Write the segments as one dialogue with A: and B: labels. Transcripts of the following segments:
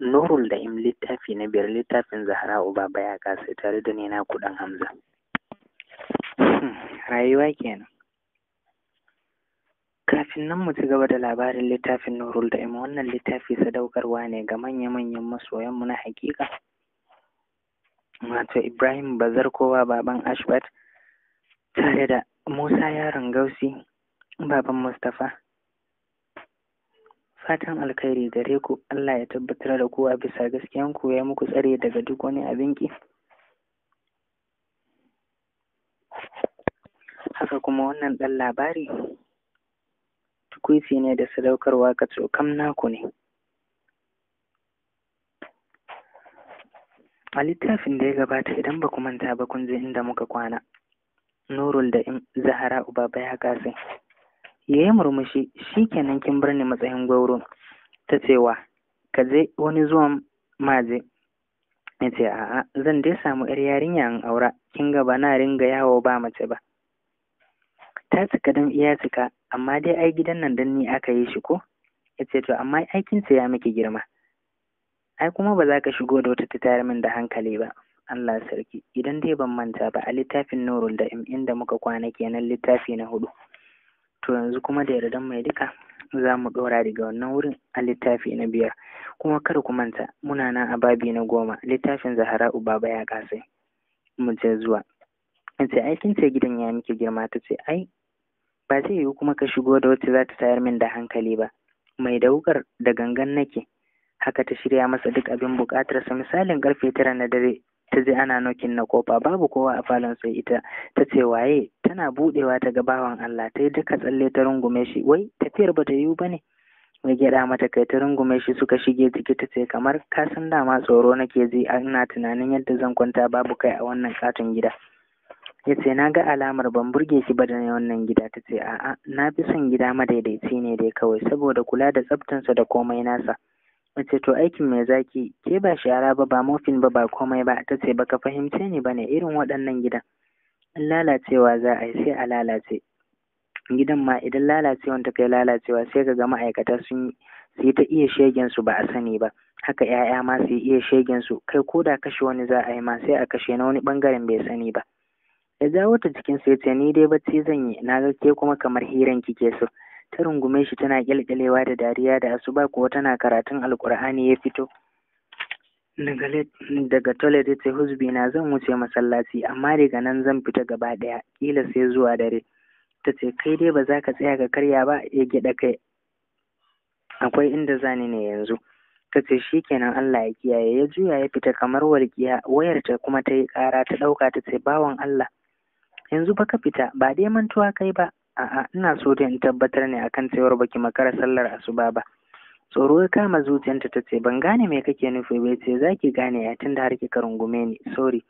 A: Nurul da im littafi na biyar littafin Zahra Uba baya kasa tare da nena kuɗin Hamza. Hmm, rayuwa kenan. Kafin nan mu ci gaba da labarin littafin Nurul im wannan littafi sadaukarwa ne ga manya-manyan masoyanmu na hakika. Wato Ibrahim Bazar kowa baban Ashbat tare da Musa yaron Gausi baban Mustapha fatan alkhairi gare ku Allah ya tabbatar da kowa bisa gaskiyan ku ya muku tsare daga duk wani abin ki haka kuma wannan dan labari tukuisi ne da sadaukarwa ka tsokam naku ne a littafin da ya gabata idan ba ku manta ba kun je inda muka kwana nurul da uba baba ya kasi ya yi murmushi shi kenan kin birni matsayin gwauro ta cewa ka je wani zuwan maje Ya ce a'a zan dai samu yar yarinya in aura kin ga ba na ringa yawo ba mace ba ta cika don iya cika amma dai ai gidan nan dan ni aka yi shi ko ya ce to amma aikin ya miki girma ai kuma ba za ka shigo da wata ta min da hankali ba Allah sarki idan dai ban manta ba a littafin Nurul da inda muka kwana kenan littafi na hudu to yanzu kuma da yardan mai duka za mu ɗora daga wannan wurin a littafi na biyar kuma kar ku manta muna nan a babi na goma littafin zahara'u baba ya kasai mu je zuwa ce aikin kin ce gidan ya miki girma ta ce ai ba zai yiwu kuma ka shigo da wacce za ta tayar min da hankali ba mai daukar da gangan nake haka ta shirya masa duk abin buƙatarsa misalin karfe tara na dare ta ji ana nokin na kofa babu kowa a falon sai ita ta ce waye tana budewa ta ga bawan Allah ta yi duka tsalle ta rungume shi wai tafiyar ba ta yiwu ba ne mai gyaɗa mata kai ta rungume shi suka shige ciki ta ce kamar ka san dama tsoro nake ji ina tunanin yadda zan kwanta babu kai a wannan katon gida ya ce na ga alamar ban burge shi ba da wannan gida ta ce a'a na fi son gida madaidaici ne dai kawai saboda kula da tsaftansa da komai nasa Mace to aikin me zaki ke ba shara ba ba mofin ba ba komai ba ta ce baka fahimce ni ba ne irin waɗannan gidan in lalacewa za a yi sai a lalace gidan ma idan lalacewan ta kai lalacewa sai ka ga ma'aikata sun yi ta iya shegen su ba a sani ba haka 'ya'ya ma su iya shegen su kai ko da kashe wani za a yi ma sai a kashe na wani bangaren bai sani ba ya jawo ta cikin sai ce ni dai bacci zan yi na ga ke kuma kamar hiran kike so ta rungume shi tana kyalkyalewa da dariya da asuba kuwa tana karatun alkur'ani ya fito daga toilet ta husbi na zan wuce masallaci amma daga nan zan fita gaba daya kila sai zuwa dare ta ce kai dai ba za ka tsaya ka karya ba ya gida kai akwai inda zani ne yanzu ta ce shi kenan Allah ya kiyaye ya juya ya fita kamar walƙiya wayar ta kuma ta yi ƙara ta ɗauka ta ce bawan Allah yanzu ba ka fita ba dai mantuwa kai ba a'a ina so ta in tabbatar ne akan cewar baki makara sallar asuba ba tsoro ya kama zuciyarta ta ce ban gane me kake nufi ba ce za ki gane ya tunda har kika rungume ni sorry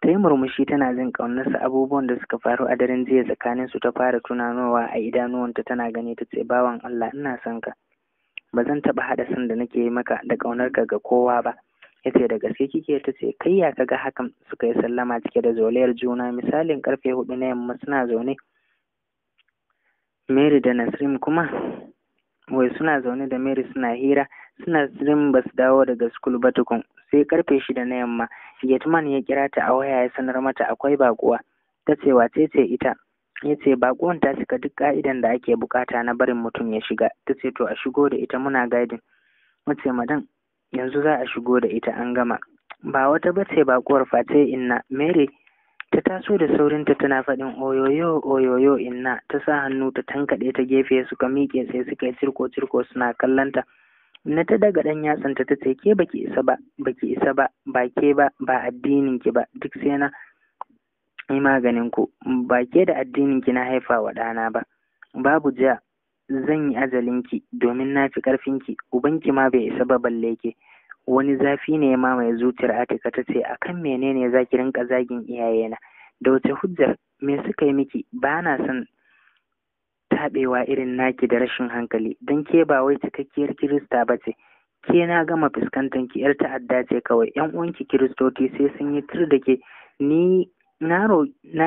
A: ta yi murmushi tana jin ƙaunarsa abubuwan da suka faru a daren jiya tsakanin su ta fara tunanowa a idanuwanta tana gani ta ce bawan Allah ina son ka ba zan taɓa haɗa san da nake yi maka da ka ga kowa ba ya ce da gaske kike ta ce kai ya kaga hakan suka yi sallama cike da zolayar juna misalin karfe hudu na yamma suna zaune Mary da Nasrim kuma wai suna zaune da Mary suna hira suna Nasrim ba su dawo daga school ba tukun sai karfe shida na yamma Yetman ya kira ta a waya ya sanar mata akwai bakuwa ta ce wace ce ita ya ce bakuwan ta cika duk ka'idan da ake bukata na barin mutum ya shiga ta ce to a shigo da ita muna gadin Mace madan yanzu za a shigo da ita an gama ba wata bace bakuwar face inna Mary ta taso da saurinta tana faɗin oyoyo oyoyo inna ta sa hannu ta tankaɗe ta gefe suka miƙe sai suka yi cirko cirko suna kallanta na ta daga ɗan yatsanta ta ce ke baki isa ba baki isa ba ba ke ba ba addinin ki ba duk sai na yi maganin ku ba ke da addinin ki na haifa wa ɗana ba babu jiya. zan yi ajalinki domin na fi ƙarfinki ubanki ma bai isa ba balle ke wani zafi ne ya mamaye zuciyar Atika ta ce akan menene za ki rinka zagin iyayena da wace hujjar me suka yi miki ba na son taɓewa irin naki da rashin hankali don ke ba wai cikakkiyar kirista ba ce ke na gama fuskantar ki yar ta'adda ce kawai yan uwanki kiristoci sai sun yi tur da ke ni na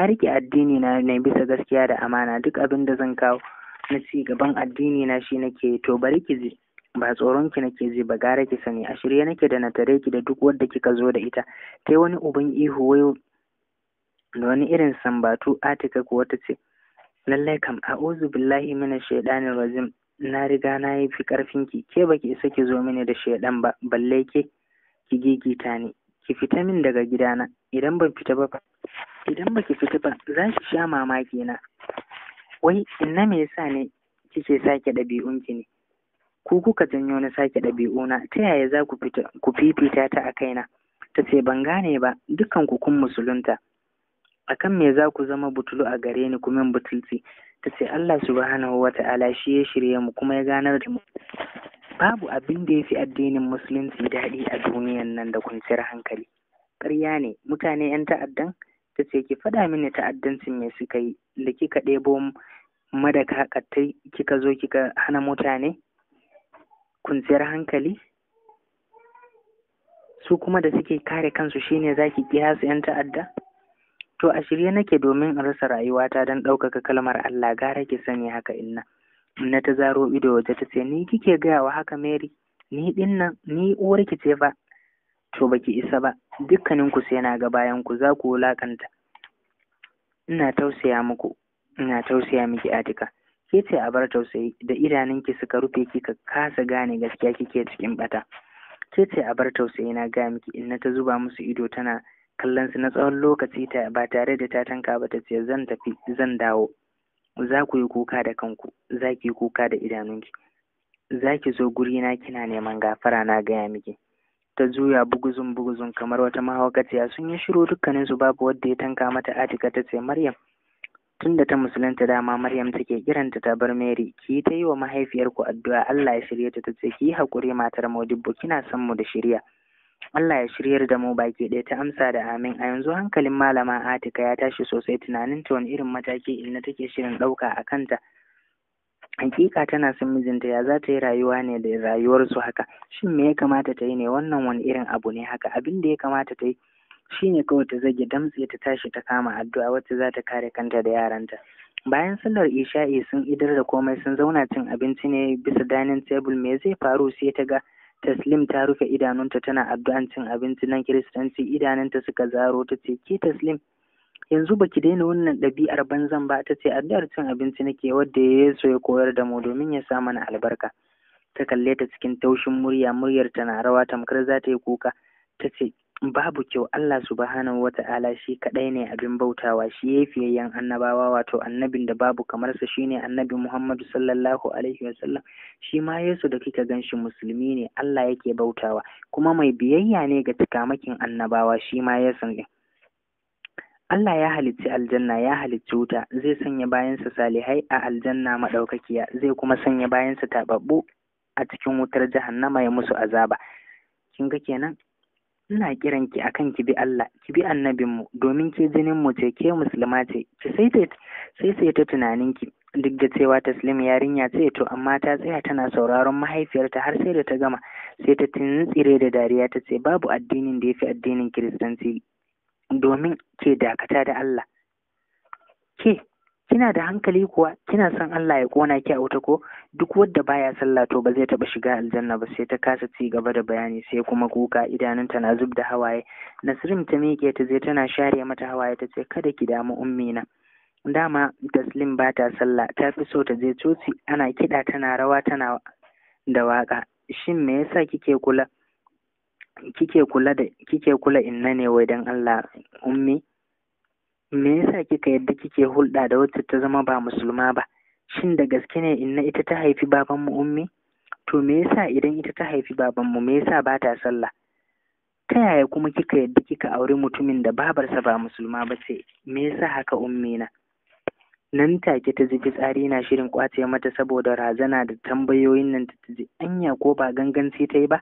A: rike addini na ne bisa gaskiya da amana duk abin da zan kawo na ci gaban addini na shi nake to bari ki ji ba tsoron ki nake ji ba gara ki sani a shirye nake da na tare ki da duk wadda kika zo da ita tai wani uban ihu wai da wani irin sambatu atika ko wata ce lallai kam a'udhu billahi minash shaitanir rajim na riga na yi fi karfin ki ke baki isa ki zo mini da shaidan ba balle ke ki gigita ni ki fita min daga gidana idan ban fita ba idan baki fita ba za ki sha mamaki na wai inna me yasa ne kike sake ɗabi'unki ne ku kuka janyo na sake ɗabi'u na ta yaya za ku fifita ta a kaina ta ce ban gane ba dukan ku kun musulunta akan me za ku zama butulu a gare ni kuma butulci ta ce Allah subhanahu wa ta'ala shi ya shirya mu kuma ya ganar da mu babu abin da ya fi addinin musulunci daɗi a duniyan nan da kwanciyar hankali ƙarya ne mutane 'yan ta'addan ta ce ki faɗa mini ta'addancin me suka yi da kika ɗebo madaka kattai kika zo kika hana mutane kwanciyar hankali su kuma da suke kare kansu shine zaki kira su yan ta'adda to a shirye nake domin in rasa rayuwata don ɗaukaka kalmar Allah gara ki sani haka inna na ta zaro ido waje ta ce ni kike gaya wa haka Mary ni dinnan ni uwarki ce fa to baki isa ba dukkanin ku sai na ga bayan ku za ku wulakanta ina tausaya muku ina tausaya miki Atika ke ce a bar tausayi da idanunki suka rufe ki ka kasa gane gaskiya kike cikin bata ke ce a bar tausayi na gaya miki in na ta zuba musu ido tana kallon su na tsawon lokaci ta ba tare da ta tanka ba ta ce zan tafi zan dawo za ku yi kuka da kanku za ki yi kuka da idanunki za ki zo gurina kina neman gafara na gaya miki ta juya buguzun buguzun kamar wata mahaukaciya sun yi shiru dukkaninsu babu wadda ya tanka mata atika ta ce maryam tunda ta musulunta dama Maryam take kiranta ta bar Mary ki ta yi wa mahaifiyarku addu'a Allah ya shirya ta tace ki hakuri matar Modibbo kina san mu da shirya Allah ya shiryar da mu baki ɗaya ta amsa da amin a yanzu hankalin malama Atika ya tashi sosai tunanin ta wani irin mataki inna take shirin ɗauka a kanta hakika tana son mijinta ya za ta yi rayuwa ne da rayuwarsu haka shin me ya kamata ta yi ne wannan wani irin abu ne haka abin da ya kamata ta yi shi ne kawai ta zage damtse ta tashi ta kama addu'a wacce za ta kare kanta da yaranta bayan sallar isha'i sun idar da komai sun zauna cin abinci ne bisa dining table me zai faru sai ta ga taslim ta rufe idanunta tana addu'an cin abinci nan kiristanci idanunta suka zaro ta ce ke taslim yanzu baki daina wannan ɗabi'ar banzan ba ta ce addu'ar cin abinci nake wadda yesu ya koyar da mu domin ya sa mana albarka ta kalle ta cikin taushin murya muryar tana rawa tamkar za ta yi kuka ta ce babu kyau Allah subhanahu wa ta'ala shi kadai ne abin bautawa shi ya fiyayyen annabawa wato annabin da babu kamar sa shine annabi Muhammadu sallallahu alaihi wa sallam shi ma Yesu da kika ganshi musulmi ne Allah yake bautawa kuma mai biyayya ne ga tukamakin annabawa shi ma Yesu ne Allah ya halicci aljanna ya halicci wuta zai sanya bayansa salihai a aljanna madaukakiya zai kuma sanya bayansa tababbu a cikin wutar jahannama ya musu azaba kin ga kenan ina kiran ki akan ki bi Allah ki bi annabinmu domin ke jinin mu ce ke musulma ce ki sai sai ta tunanin ki duk da cewa taslim yarinya ce to amma ta tsaya tana sauraron mahaifiyarta har sai da ta gama sai ta tsire da dariya ta ce babu addinin da ya fi addinin kiristanci domin ke dakata da Allah ke kina da hankali kuwa kina son Allah ya kona ki a wuta ko duk wanda baya sallah to ba zai taba shiga aljanna ba sai ta kasa ci gaba da bayani sai kuma kuka idanunta na zub da hawaye Nasrim ta miƙe ta zai tana share mata hawaye ta ce kada ki damu Ummina. na dama Taslim ba ta sallah ta fi so ta je coci ana kiɗa tana rawa tana da waƙa. shin me yasa kike kula kike kula da kike kula inna ne wai dan Allah ummi me yasa kika yadda kike hulɗa da wacce ta zama ba musulma ba shin da gaske ne inna ita ta haifi babanmu ummi to me yasa idan ita ta haifi babanmu me yasa ba ta sallah ta yaya kuma kika yadda kika auri mutumin da babarsa ba musulma ba ce me yasa haka ummi na nan take ta ji fitsari na shirin kwace mata saboda razana da tambayoyin nan ta ji anya ko ba ganganci ta yi ba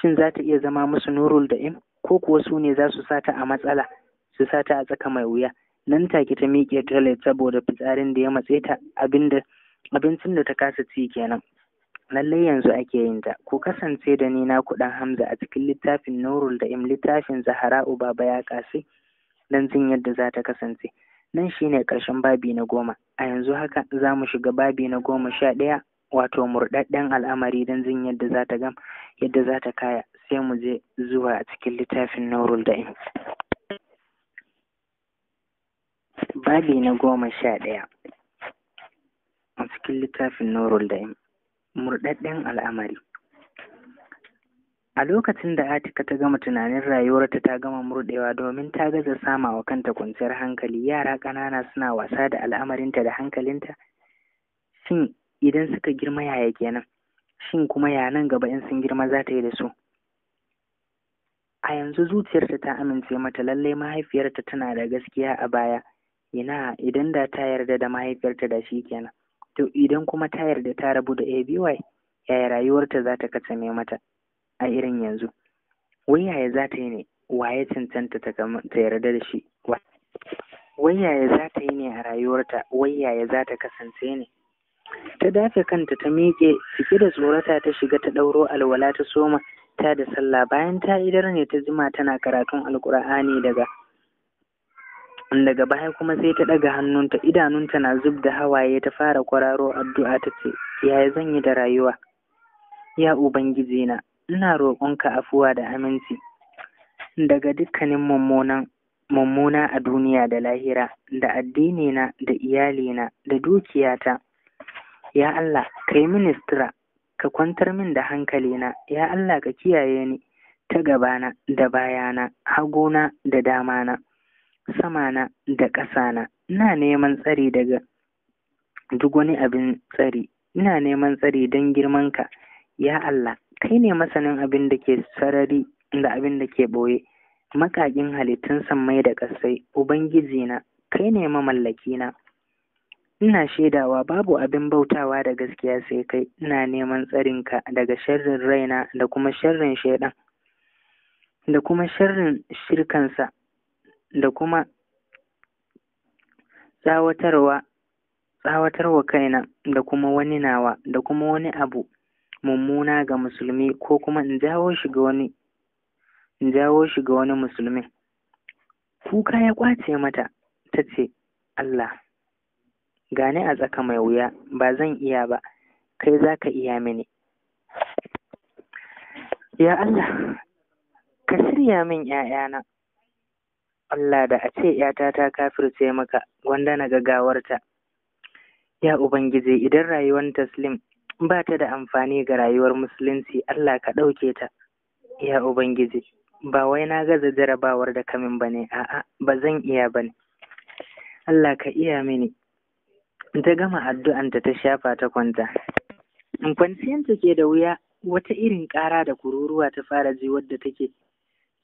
A: shin za ta iya zama musu nurul da im ko kuwa su ne za su sa ta a matsala su sa ta a tsaka mai wuya nan take ta miƙe toilet saboda fitsarin da ya matse ta abincin da ta kasa ci kenan lallai yanzu ake yin ta ku kasance da ni na kuɗin hamza a cikin littafin nurul da im littafin Zahra baba ya kasi don jin yadda za ta kasance nan shine ƙarshen babi na goma a yanzu haka za mu shiga babi na goma sha ɗaya wato murɗaɗɗen al'amari dan jin yadda za ta gam yadda za ta kaya sai mu je zuwa a cikin littafin nurul da im babi na goma sha ɗaya a cikin littafin nurul da'im murɗaɗɗen al'amari a lokacin da atika ta gama tunanin rayuwarta ta gama murɗewa domin ta gaza sama wa kanta kwanciyar hankali yara ƙanana suna wasa da al'amarinta da hankalinta shin idan suka girma yaya kenan shin kuma ya nan gaba in sun girma za ta yi da su a yanzu zuciyarta ta amince mata lallai mahaifiyarta tana da gaskiya a baya ina idan da ta yarda da mahaifiyarta da shi kenan to idan kuma ta yarda ta rabu da ABY yaya rayuwarta za ta kasance mata a irin yanzu wai yaya za ta yi ne waye cancanta ta yarda da shi wai yaya za ta yi ne a rayuwarta wai yaya za ta kasance ne ta dafe kanta ta miƙe cike da tsorata ta shiga ta ɗauro alwala ta soma ta da sallah bayan ta idar ne ta jima tana karatun alƙur'ani daga daga baya kuma sai ta ɗaga hannunta idanunta na zub da hawaye ta fara kwararo addu'a ta ce yaya zan yi da rayuwa ya ubangiji na ina roƙonka afuwa da aminci daga dukkanin mummunan mummuna a duniya da lahira da addinina da iyalina da dukiyata ya Allah kai ministra ka kwantar min da hankalina ya Allah ka kiyaye ni ta gabana da bayana hagona da damana Sama na, da ƙasana ina neman tsari daga duk wani abin tsari ina neman tsari don girmanka ya Allah kai ne masanin abin da ke sarari da abin da ke ɓoye makakin halittun sammai da ƙasai ubangiji na kai ne mamallaki na ina shaidawa babu abin bautawa da gaskiya sai kai ina neman tsarinka daga sharrin raina da kuma sharrin shaidan da kuma sharrin shirkansa da kuma tsawatarwa tsawatarwa kaina da kuma wani nawa da kuma wani abu mummuna ga musulmi ko kuma in jawo shi ga wani in jawo shi ga wani musulmin kuka ya kwace mata ta ce Allah gane a tsaka mai wuya ba zan iya ba kai za ka iya mini ya Allah ka shirya min ‘ya'yana Allah da a ce ‘yata ta kafirce maka, gwanda na gagawarta. Ya Ubangiji, idan rayuwar Taslim ba ta da amfani ga rayuwar Musulunci, Allah ka ɗauke ta. Ya Ubangiji, ba wai na gaza jarabawar da kamin ba ne, a'a, ba zan iya ba ne. Allah ka iya mini. Ta gama addu'anta ta shafa ta kwanta. Kwanciyanta ke da wuya, wata irin ƙara da kururuwa ta fara ji wadda take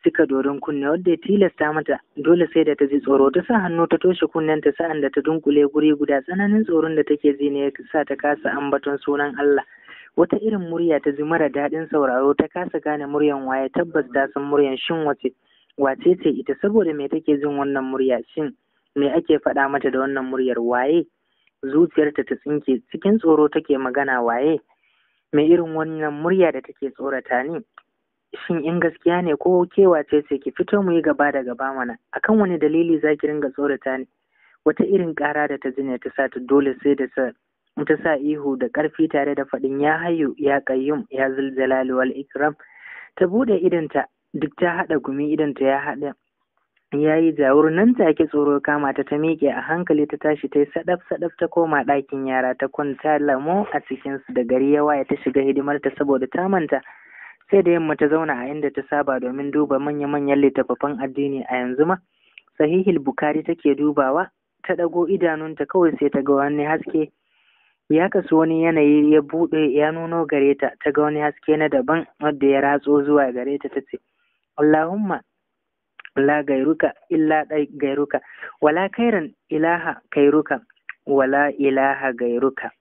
A: suka dorin kunne wadda ya tilasta mata dole sai da ta ji tsoro ta sa hannu ta toshe kunnen ta sa'an da ta dunkule guri guda tsananin tsoron da take ji ya sa ta kasa ambaton sunan Allah wata irin murya ta ji mara daɗin sauraro ta kasa gane muryan waye tabbas ta san muryan shin wace wace ce ita saboda me take jin wannan murya shin me ake faɗa mata da wannan muryar waye zuciyarta ta tsinke cikin tsoro take magana waye me irin wannan murya da take tsorata ne shin in gaskiya ne ko kewa ce sai ki fito mu yi gaba da gaba mana akan wani dalili za ki ringa tsorata ne. wata irin kara da ta jina ta sa ta dole sai da sa ta sa ihu da karfi tare da faɗin ya hayu ya kayyum ya zuljalali wal ikram ta bude idanta duk ta haɗa gumi idanta ya haɗa ya yi jawur nan take tsoro kama ta ta miƙe a hankali ta tashi ta yi sadaf sadaf ta koma ɗakin yara ta kwanta lamo a cikinsu da gari ya waye ta shiga hidimarta saboda ta manta sai da yamma ta zauna a inda ta saba domin duba manya-manyan littattafan addini a yanzu ma sahihil bukari take dubawa ta ɗago idanunta kawai sai ta ga wani haske ya kasu wani yanayi ya buɗe ya nuno gare ta ta ga wani haske na daban wanda ya ratso zuwa gare ta tace Allahumma la gairuka illa dai gairuka wala kairan ilaha kairuka wala ilaha gairuka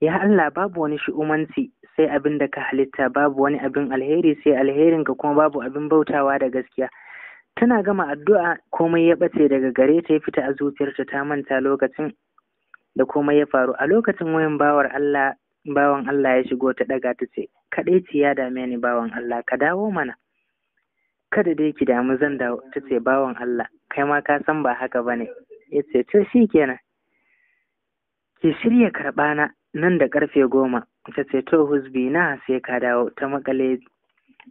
A: ya Allah babu wani shi'umanci sai abin da ka halitta babu wani abin alheri sai alherin ka kuma babu abin bautawa da gaskiya tana gama addu'a komai ya bace daga gare ta ya fita a zuciyarta ta manta lokacin da komai ya faru a lokacin wayan bawar Allah bawan Allah ya shigo ta daga ta ce 'Kaɗai ci ya dame ni bawan Allah ka dawo mana kada dai ki damu zan dawo ta ce bawan Allah kai ma ka san ba haka bane ya ce to shikenan ki shirya karɓana nan da karfe goma ta ce to husbi na sai ka dawo ta makale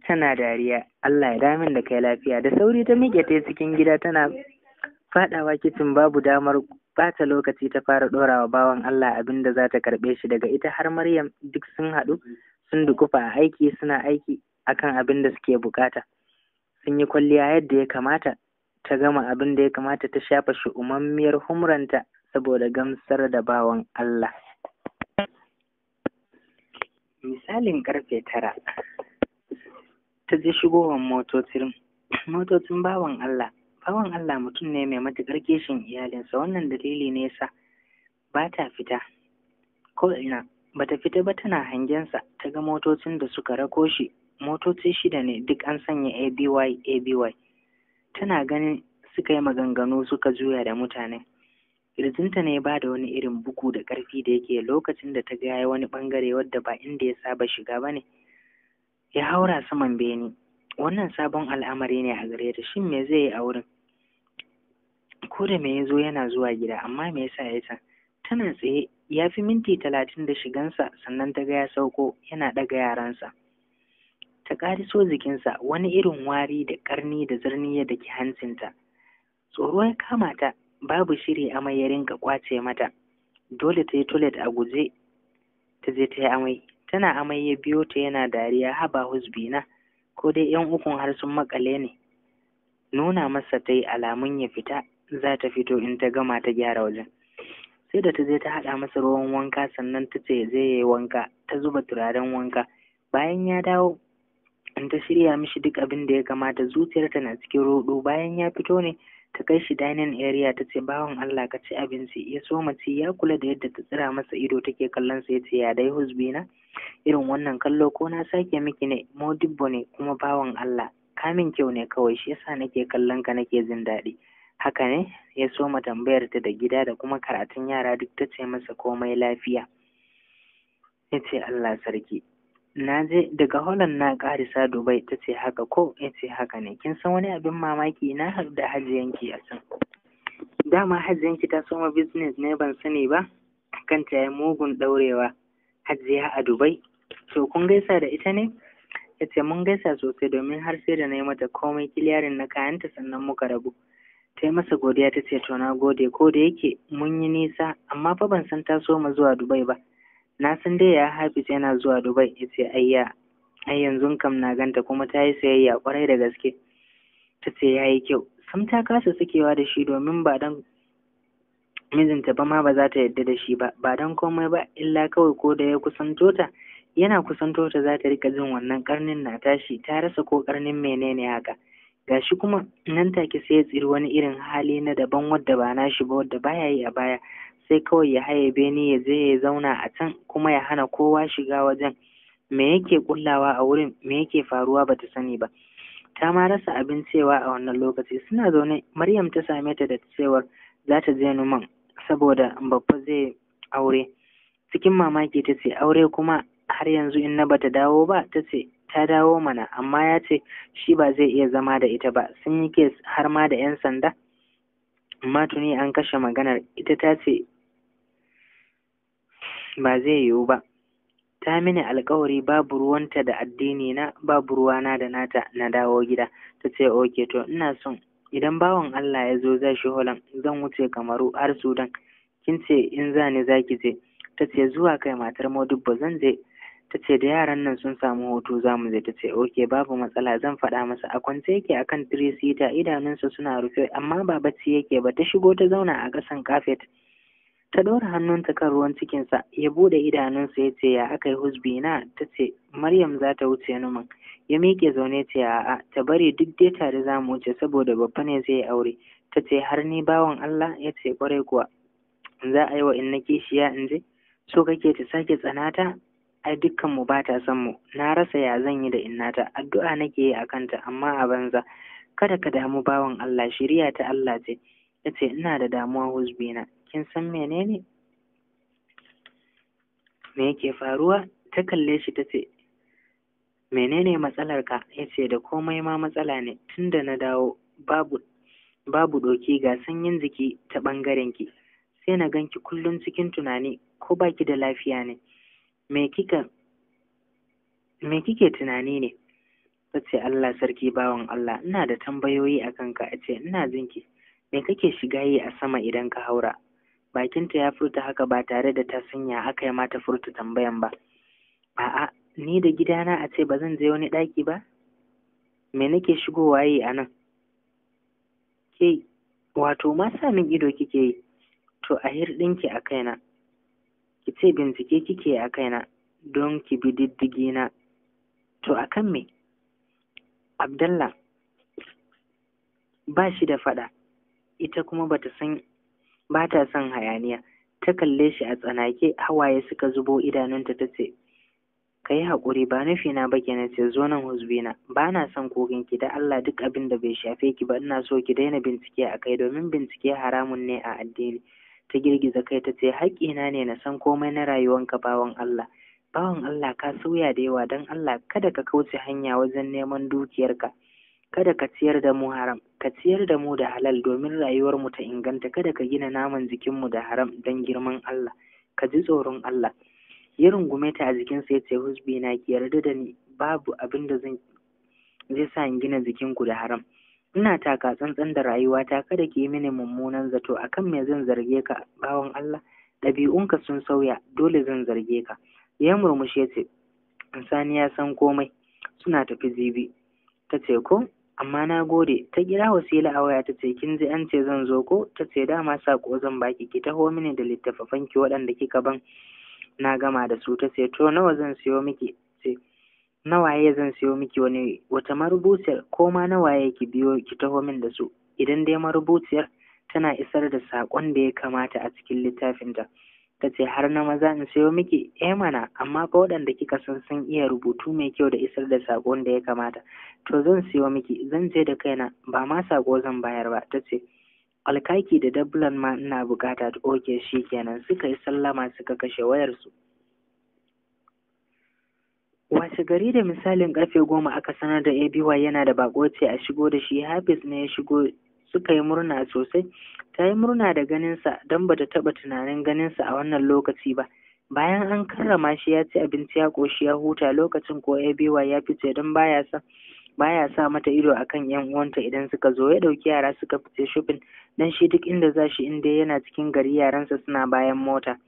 A: tana dariya Allah ya damin da kai lafiya da sauri ta miƙe ta cikin gida tana faɗawa kicin babu damar bata lokaci ta fara ɗorawa bawan Allah abin da za ta karɓe shi daga ita har Maryam duk sun haɗu sun dukufa a aiki suna aiki akan abin da suke bukata sun yi kwalliya yadda ya kamata ta gama abin da ya kamata ta shafa shi umammiyar humranta saboda gamsar da bawan Allah misalin karfe tara ta ji shigowar motocin motocin bawan Allah bawan Allah mutum ne mai matuƙar kishin iyalinsa wannan dalili ne sa ba ta fita ko ina ba ta fita ba tana hangensa ta ga motocin da suka rako shi motoci shida ne duk an sanya ABY ABY tana ganin suka yi maganganu suka juya da mutane Kirjinta ne ba da wani irin bugu da ƙarfi da yake lokacin da ta gaya wani ɓangare wadda ba inda ya saba shiga ba ne. Ya haura saman bene. Wannan sabon al'amari ne a gare ta, shin me zai yi a wurin? Ko da me ya zo yana zuwa gida, amma me yasa ya san? Tana tsaye, ya fi minti talatin da shigansa sannan ta gaya sauko yana ɗaga yaransa. Ta ƙariso jikinsa wani irin wari da ƙarni da zirni ya daki hancinta. Tsoro ya kama ta babu shiri amai ya rinka kwace mata dole ta yi toilet a guje ta je ta yi amai tana amai ya biyo ta yana dariya haba husbina ko dai yan ukun har sun makale ne nuna masa ta yi alamun ya fita za ta fito in ta gama ta gyara wajen sai da ta je ta haɗa masa ruwan wanka sannan ta ce zai yi wanka ta zuba turaren wanka bayan ya dawo in ta shirya mishi duk abin da ya kamata zuciyarta na cikin ruɗu bayan ya fito ne ta kai shi dining area ta ce bawan Allah ka ci abinci ya so ci ya kula da yadda ta tsira masa ido take kallon sa yace ya dai husbina irin wannan kallo ko na sake miki ne modibbo ne kuma bawan Allah kamin kyau ne kawai shi yasa nake kallon ka nake jin daɗi haka ne ya so ma tambayar ta da gida da kuma karatun yara duk ta ce masa komai lafiya yace Allah sarki na je daga holland na ƙarisa dubai ta ce haka ko ya ce haka ne kin san wani abin mamaki na haɗu da hajiyanki a can dama hajiyanki ta soma business ne ban sani ba kanta ya mugun ɗaurewa hajiya a dubai to kun gaisa da ita ne ya ce mun gaisa sosai domin har sai da na yi mata komai kiliyarin na kayanta sannan muka rabu ta yi masa godiya ta ce to na gode ko da yake mun yi nisa amma fa ban san ta soma zuwa dubai ba na san dai ya hafiz yana zuwa dubai ya ce ayya ai yanzu kam na ganta kuma ta yi sayayya kwarai da gaske ta ce ya yi kyau sam ta kasa sakewa da shi domin ba dan mijinta ba ma ba za ta yarda da shi ba ba dan komai ba illa kawai ko da ya kusanto ta yana kusanto ta za ta rika jin wannan karnin na tashi ta rasa ko karnin menene haka Ga shi kuma nan take sai ya tsiri wani irin hali na daban wadda ba nashi ba wadda baya yi a baya sai kawai ya haye beni ya je ya zauna a can kuma ya hana kowa shiga wajen me yake kullawa a wurin me yake faruwa bata sani ba ta ma rasa abin cewa a wannan lokaci suna zaune maryam ta same ta da cewar za ta je numan saboda babba zai aure cikin mamaki ta ce aure kuma har yanzu in na bata dawo ba ta ce ta dawo mana amma ya ce shi ba zai iya zama da ita ba sun yi kes har ma da 'yan sanda amma tuni an kashe maganar ita ta ce ba zai yiwu ba ta mini alkawari babu ruwanta da addini na babu ruwana da nata na dawo gida ta ce oke to ina son idan bawan Allah ya zo zai shi holan zan wuce kamaru har sudan kin ce in za ni za ki je ta ce zuwa kai matar modibbo zan je ta ce da yaran nan sun samu hoto za mu je ta ce oke babu matsala zan faɗa masa a kwance yake akan three idanunsa suna rufe amma ba bacci yake ba ta shigo ta zauna a ƙasan kafet ta ɗora hannunta kan ruwan cikinsa ya buɗe idanunsa ya ce ya aka yi husbi na ta ce maryam za ta wuce numan ya miƙe zaune ce a ta bari duk dai tare za mu wuce saboda babba ne zai aure ta ce har ni bawan allah ya ce kwarai kuwa za a yi wa in na kishiya in je so kake ta sake tsanata ai dukkan mu ba ta son mu na rasa ya zan yi da innata addu'a nake yi a kanta amma a banza kada ka damu bawan Allah shiriya ta Allah ce yace ina da damuwa husbi na." kin san menene me yake faruwa ta kalle shi ta ce menene matsalarka ya ce da komai ma matsala ne tunda na dawo babu babu doki ga sanyin jiki ta ɓangarenki sai na ganki kullum cikin tunani ko baki da lafiya ne me kika me kike tunani ne ta ce Allah sarki bawan Allah ina da tambayoyi a kanka a ce ina jinki me kake shiga yi a sama idan ka haura bakinta ya furta haka ba tare da ta sanya aka yi mata furta tambayan ba a'a ni da gidana a ce ba zan je wani ɗaki ba me nake shigowa yi a nan ke wato ma sa min ido kike yi to a hirɗinki a kaina ki ce bincike kike a kaina don ki bi diddigi na to a kan me abdallah ba shi da faɗa ita kuma bata san ba ta son hayaniya ta kalle shi a tsanake hawaye suka zubo idanunta ta ce ka yi haƙuri ba nufi na ba kenan ce zo nan huzbina. ba na son kogin ki da Allah duk abin da bai shafe ki ba ina so ki daina bincike a kai domin bincike haramun ne a addini ta girgiza kai ta ce haƙƙina ne na san komai na rayuwanka bawan Allah bawan Allah ka sauya da yawa don Allah kada ka kauce hanya wajen neman dukiyarka kada ka ciyar da mu haram ka ciyar da mu da halal domin rayuwar mu ta inganta kada ka gina naman jikin mu da haram dan girman Allah ka ji tsoron Allah ya rungume ta a jikinsa ya ce husbi na ki yarda da ni babu abin da zan zai sa in gina jikin ku da haram ina taka tsantsan da rayuwata kada ki yi mini mummunan zato akan me zan zarge ka bawan Allah ɗabi'unka sun sauya dole zan zarge ka ya murmushe ya ce sani ya san komai suna tafi jibi ta ce ko amma na gode ta kira wasila a waya ta ce kin ji an ce zan zo ko ta ce dama sako zan baki ki taho mini da littafafan ki waɗanda kika ban na gama da su ta ce to nawa zan siyo miki ce nawaye zan siyo miki wani wata marubuciyar ko ma nawaye ki biyo ki taho min da su idan dai marubuciyar tana isar da sakon da ya kamata a cikin littafinta ta ce har na maza in sayo miki E mana amma fa waɗanda kika san sun iya rubutu mai kyau da isar da saƙon da ya kamata to zan sayo miki zan je da kaina ba ma saƙo zan bayar ba ta ce alkaki da dablan ma ina bukata ta oke shi kenan suka yi sallama suka kashe wayarsu washe gari da misalin karfe goma aka sanar da abi yana da bako ce a shigo da shi hafiz ne ya shigo suka yi murna sosai ta yi murna da ganinsa don ba bata taɓa tunanin ganinsa a wannan lokaci ba bayan an karrama shi ya ci abinci ya ƙoshi ya huta lokacin ko ebewa ya fice don baya sa sa mata ido a kan yan uwanta idan suka zo ya ɗauki yara suka fice shufin don shi duk inda za shi inda yana cikin gari yaransa suna bayan mota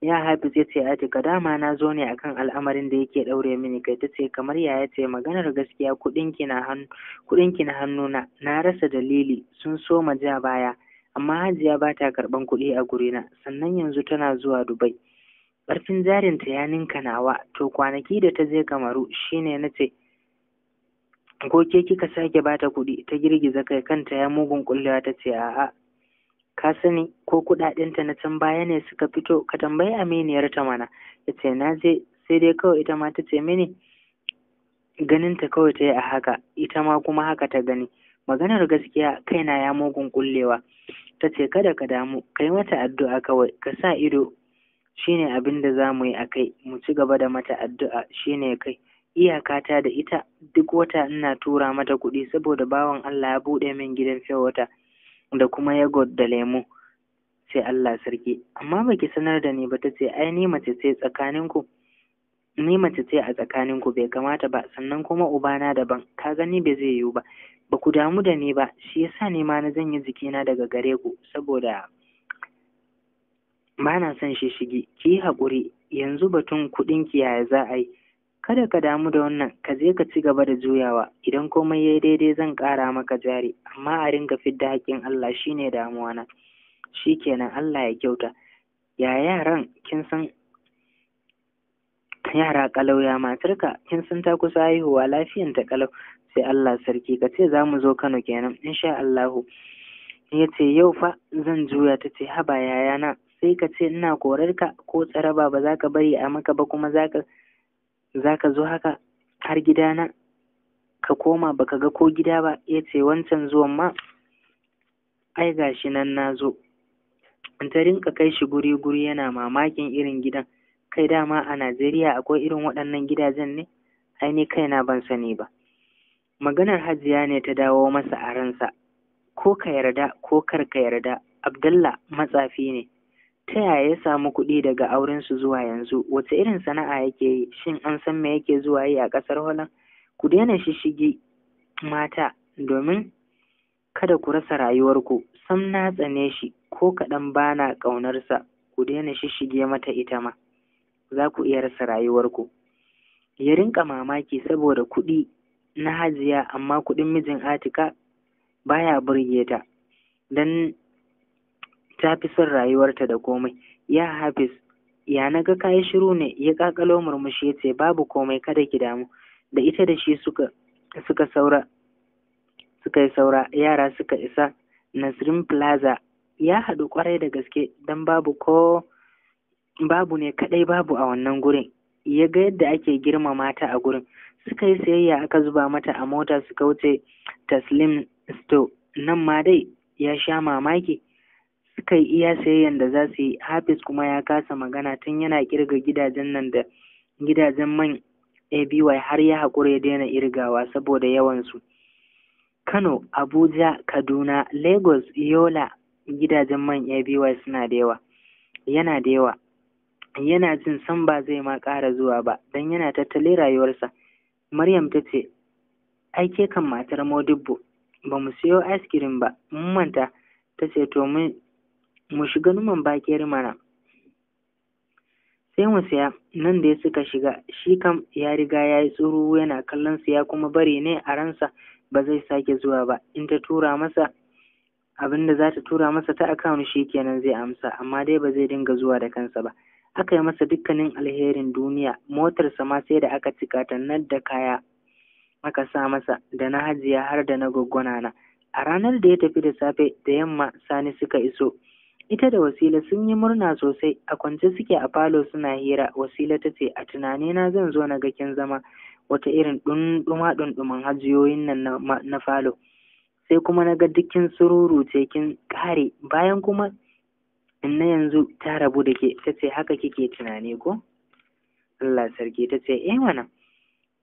A: ya haifi zai ce ka dama na zo ne akan al'amarin da yake ɗaure mini kai ta ce kamar yaya ce maganar gaskiya kuɗinki na hannu na na rasa dalili sun so ma ja baya amma hajiya ba ta karɓan kuɗi a gurina sannan yanzu tana zuwa dubai ƙarfin jarinta ya ninka nawa to kwanaki da ta je kamaru shine na ce ko ke kika sake bata kuɗi ta girgiza kai kanta ya mugun kullewa ta ce a'a ka sani ko ta na can baya ne suka fito ka tambayi aminiyar ta mana ya ce na je sai dai kawai ita ma ta ce mini ganinta kawai ta yi a haka ita ma kuma haka ta gani maganar gaskiya kaina ya mugun kullewa ta ce kada ka damu ka yi mata addu'a kawai ka sa ido shine abin da za mu yi a kai mu ci gaba da mata addu'a shine kai iyakata da ita duk wata ina tura mata kuɗi saboda bawan Allah ya buɗe min gidan fiye wata da kuma yagod da lemu sai Allah sarki amma baki sanar da ni ba ta ce ai ni mace ce ku ni mace ce a tsakaninku bai kamata ba sannan kuma ubana daban ka gani bai zai yiwu ba ba ku damu da ni ba shi yasa ni ma na yi jikina daga gare ku saboda ba na son shige ki yi haƙuri yanzu batun kuɗin ki yaya za a yi kada ka damu da wannan ka je ka ci gaba da juyawa idan komai yayi daidai zan ƙara maka jari amma a ringa fidda haƙƙin Allah shine damuwa na Shi kenan Allah ya kyauta ya yaran kin san yara kalau ya matarka kin san ta kusa haihuwa lafiyan ta kalau sai Allah sarki ka ce za mu zo Kano kenan insha Allahu ya ce yau fa zan juya ta ce haba na sai ka ce ina korarka ko tsaraba ba za ka bari a maka ba kuma za ka za ka zo haka har gidana ka koma baka ga ko gida ba ya ce wancan zuwan ma ai shi nan na zo in ta rinka kai shi guri guri yana mamakin irin gidan kai dama a najeriya akwai irin waɗannan gidajen ne ai ni kaina ban sani ba maganar hajiya ne ta dawo masa a ransa ko ka yarda ko kar ka yarda abdallah matsafi ne ta yaya ya samu kuɗi daga auren su zuwa yanzu wace irin sana'a yake yi shin an san me yake zuwa yi a ƙasar Holland ku daina shishigi mata domin kada ku rasa rayuwarku sam na tsane shi ko kaɗan bana ƙaunarsa ku daina shishige mata ita ma za ku iya rasa rayuwarku ya rinka mamaki saboda kuɗi na hajiya amma kuɗin mijin atika baya burge ta dan ta fi son rayuwarta da komai ya hafiz ya naga ga kayi shiru ne ya kakalo murmushi ya ce babu komai kada ki damu da ita da shi suka saura suka yi saura yara suka isa nasrin plaza ya haɗu kwarai da gaske don babu ko babu ne kadai babu a wannan gurin ya ga yadda ake girmama ta a gurin suka yi sayayya aka zuba mata a mota suka wuce taslim Sto. nan ma dai ya sha mamaki suka yi iya sayayyan da za su yi hafiz kuma ya kasa magana tun yana kirga gidajen nan da gidajen man aby har ya haƙura ya daina irgawa saboda yawansu kano abuja kaduna lagos yola gidajen man aby suna da yawa yana da yawa yana jin san ba zai ma ƙara zuwa ba don yana tattalin rayuwarsa maryam ta ce aike kan matar modibbo ba mu siyo ice cream ba mun manta ta ce to mun mu shiga numan bakiyar mana sai mu siya nan da suka shiga shi kam ya riga ya yi tsoro yana kallon su ya kuma bari ne a ransa ba zai sake zuwa ba in ta tura masa abin da za ta tura masa ta akawun shi kenan zai amsa amma dai ba zai dinga zuwa da kansa ba aka yi masa dukkanin alherin duniya motarsa ma sai da aka cika ta nan da kaya aka sa masa da na hajiya har da na gwaggwana na a ranar da ya tafi da safe da yamma sani suka iso ita da wasila sun yi murna sosai a kwance suke a falo suna hira wasila ta ce a tunanina zan zo na ga kin zama wata irin ɗunduma ɗunduman hajiyoyin nan na falo sai kuma na ga dukkin sururu ce kin kare bayan kuma in na yanzu ta rabu da ke ta ce haka kike tunani ko Allah sarki ta ce eh mana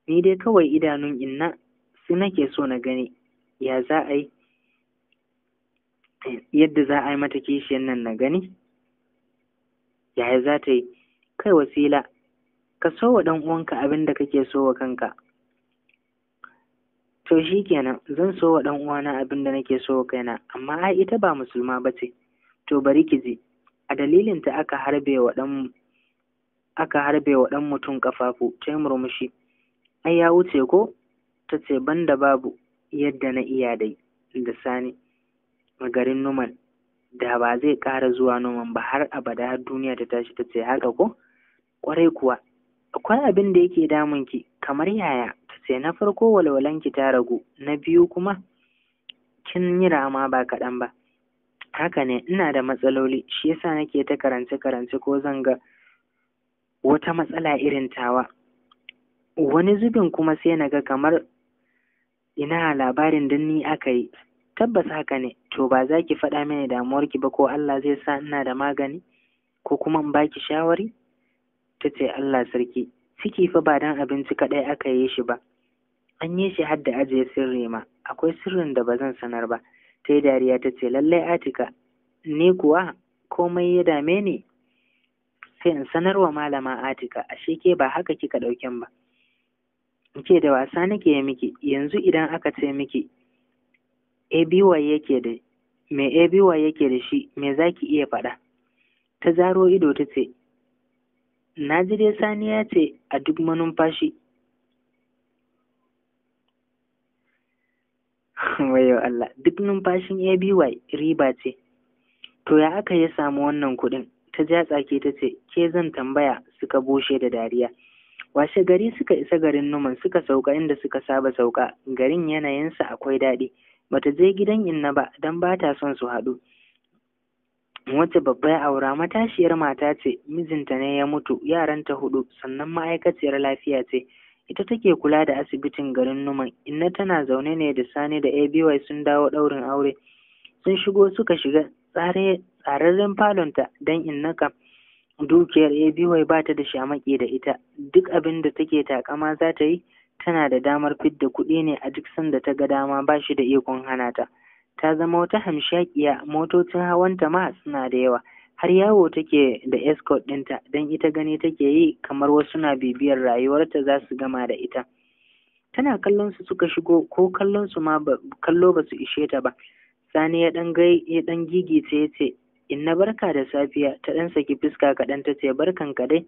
A: ni dai kawai idanun inna su nake so na gani ya za a yi yadda za a yi mata kishiyan nan na gani yaya za ta yi kai wasila ka so wa ɗan uwanka abin da kake so wa kanka to shi kenan zan so wa ɗan uwana abin da nake so wa kaina amma ai ita ba musulma ba ce to bari ki ji a dalilin ta aka harbe wa ɗan aka harbe wa ɗan mutum kafafu ta yi murmushi ai ya wuce ko ta ce ban da babu yadda na iya dai da sani a garin Numan da ba zai ƙara zuwa noman ba har abada har duniya ta tashi ta ce haka ko? Ƙwarai kuwa, akwai abin da yake damun ki kamar yaya ta ce na farko walwalanki ta ragu na biyu kuma kin yi rama ba kaɗan ba. Haka ne ina da matsaloli shi yasa nake ta karance karance ko zan ga wata matsala irin tawa. Wani zubin kuma sai na ga kamar ina labarin danni aka yi tabbas haka ne to ba za ki faɗa mini damuwar ki ba ko Allah zai sa ina da magani ko kuma in baki shawari ta ce Allah sarki ciki fa ba dan abinci kaɗai aka yi shi ba an yi shi har da ajiye sirri ma akwai sirrin da ba zan sanar ba ta yi dariya ta ce lallai atika ni kuwa komai ya dame ni sai in sanar wa malama atika ashe ke ba haka kika ɗauken ba ke da wasa nake miki yanzu idan aka ce miki ABY yake da me ABY yake da shi me za ki iya faɗa ta zaro ido ta ce na ji dai ya ce a duk manumfashi wayo Allah duk numfashin ABY riba ce to ya aka ya samu wannan kuɗin ta ja tsake ta ce ke zan tambaya suka bushe da dariya washe gari suka isa garin numan suka sauka inda suka saba sauka garin yanayinsa akwai daɗi bata je gidan inna ba don ba ta son su haɗu wacce babba ya aura matashiyar mata ce mijinta ne ya mutu yaranta hudu sannan ma'aikaciyar lafiya ce ita take kula da asibitin garin numan inna tana zaune ne da sani da aby sun dawo ɗaurin aure sun shigo suka shiga tsararren falonta don inna kam dukiyar aby ba ta da shamaki da ita duk abinda da take takama za ta yi tana da damar fidda kuɗi ne a duk sanda ta ga dama ba shi da ikon hana ta ta zama wata hamshakiya motocin hawanta ma suna da yawa har yawo take da escort ɗinta don ita gani take yi kamar wasu na bibiyar rayuwarta za su gama da ita tana kallon su suka shigo ko kallon su ma kallo ba su ishe ta ba sani ya ɗan gai ya ɗan gigi ta ce, inna barka da safiya ta ɗan saki fuska kaɗan ta ce barkan ka dai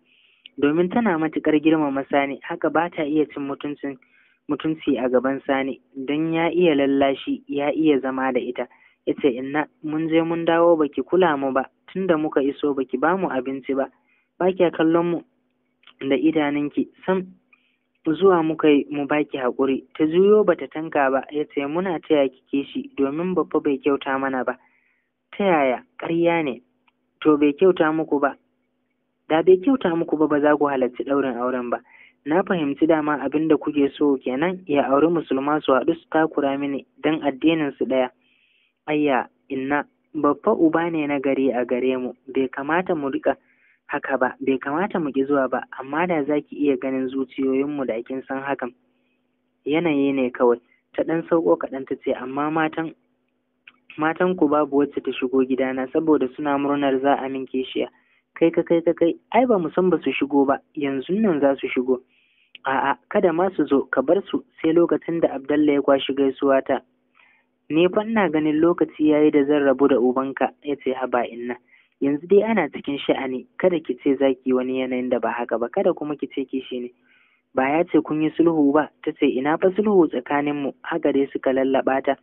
A: domin tana matuƙar girmama Sani haka ba ta iya cin mutuncin mutunci a gaban Sani don ya iya lallashi ya iya zama da ita yace inna mun je mun dawo baki kula mu ba tunda muka iso baki ba mu abinci ba ba kya kallon mu da idanunki sam zuwa muka yi mu baki haƙuri ta juyo bata tanka ba Ya ce muna taya ki kishi domin babba bai kyauta mana ba ta yaya ƙarya ne to bai kyauta muku ba da bai kyauta muku ba ba za ku halarci ɗaurin auren ba na fahimci dama abin da kuke so kenan ya auri musulma su haɗu su takura mini don addinin su ɗaya ayya inna babba uba ne na gari a gare mu bai kamata mu rika haka ba bai kamata mu ki zuwa ba amma da za ki iya ganin zuciyoyinmu da kin san hakan yanayi ne kawai ta ɗan sauko kaɗan ta ce amma matan matan ku babu wacce ta shigo gidana saboda suna murnar za a min kishiya kai ka kai ka kai ai ba mu san ba su shigo ba yanzu nan za su shigo a'a kada ma su zo ka bar su sai lokacin da abdalla ya kwashi gaisuwa ta ni fa ina ganin lokaci yayi da zan rabu da ubanka ya yace haba inna yanzu dai ana cikin sha'ani kada ki ce zaki wani yanayin da ba haka ba kada kuma ki ce kishi ne ba ya ce kun yi sulhu ba ta ce ina fa sulhu tsakanin mu haka dai suka lallaba ta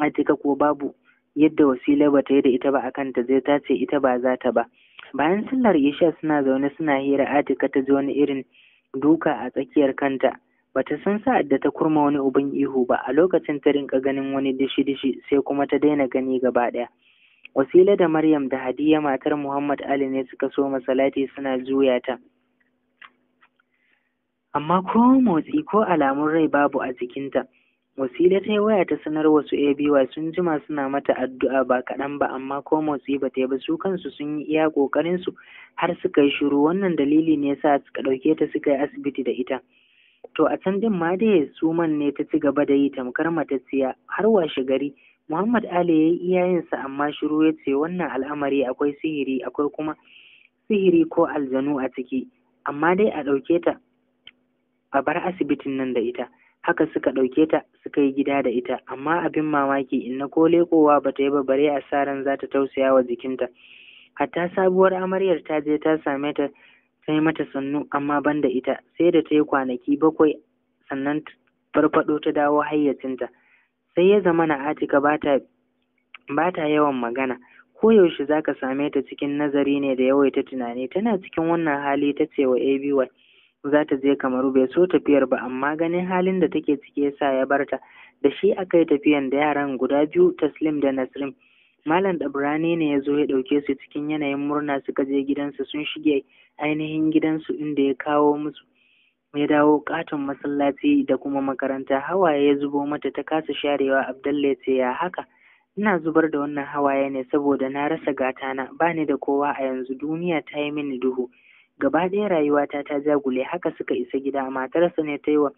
A: atika ko babu yadda wasila ba ta yi da ita ba akan ta zai ta ce ita ba za ta ba bayan sallar isha suna zaune suna hira atika ta ji wani irin duka a tsakiyar kanta bata san sa'ad da ta kurma wani uban ihu ba a lokacin ta rinka ganin wani dishi dishi sai kuma ta daina gani gaba ɗaya. wasila da maryam da hadiya matar muhammad ali ne suka so masalati suna juya ta amma ko motsi ko alamun rai babu a jikinta wasila ta yi waya ta sanar wasu abiwa sun jima suna mata addu'a ba kaɗan ba amma ko motsi ba ta yi ba su kansu sun yi iya ƙoƙarin su har suka yi shiru wannan dalili ne yasa suka ɗauke ta suka yi asibiti da ita to a can din ma dai suman ne ta ci gaba da yi tamkar siya har washe gari Muhammad Ali ya yi iyayensa amma shiru ya ce wannan al'amari akwai sihiri akwai kuma sihiri ko aljanu a ciki amma dai a ɗauke ta a bar asibitin nan da ita haka suka ɗauke ta suka yi gida da ita amma abin mamaki inna ko lekowa ba ta yi ba bare a sa ran za ta tausaya wa jikinta hatta sabuwar amaryar ta je ta same ta ta mata sannu amma ban da ita sai da ta yi kwanaki bakwai sannan farfaɗo ta dawo hayyacinta sai ya zama na atika ba ta yawan magana koyaushe za ka same ta cikin nazari ne da yawaita tunani tana cikin wannan hali ta ce wa wai za ta je kamaru bai so tafiyar ba amma ganin halin da take ciki yasa ya barta da shi aka yi tafiyan da yaran guda biyu taslim da nasrim malam ɗabrani ne ya zo ya ɗauke su cikin yanayin murna suka je gidansu sun shige ainihin gidansu inda ya kawo musu ya dawo katon masallaci da kuma makaranta hawaye ya zubo mata ta kasa sharewa abdalla ce ya haka ina zubar da wannan hawaye ne saboda na rasa gatana ba ni da kowa a yanzu duniya ta yi mini duhu gaba ɗaya rayuwata ta jagule haka suka isa gida matarsa ne ta yi wa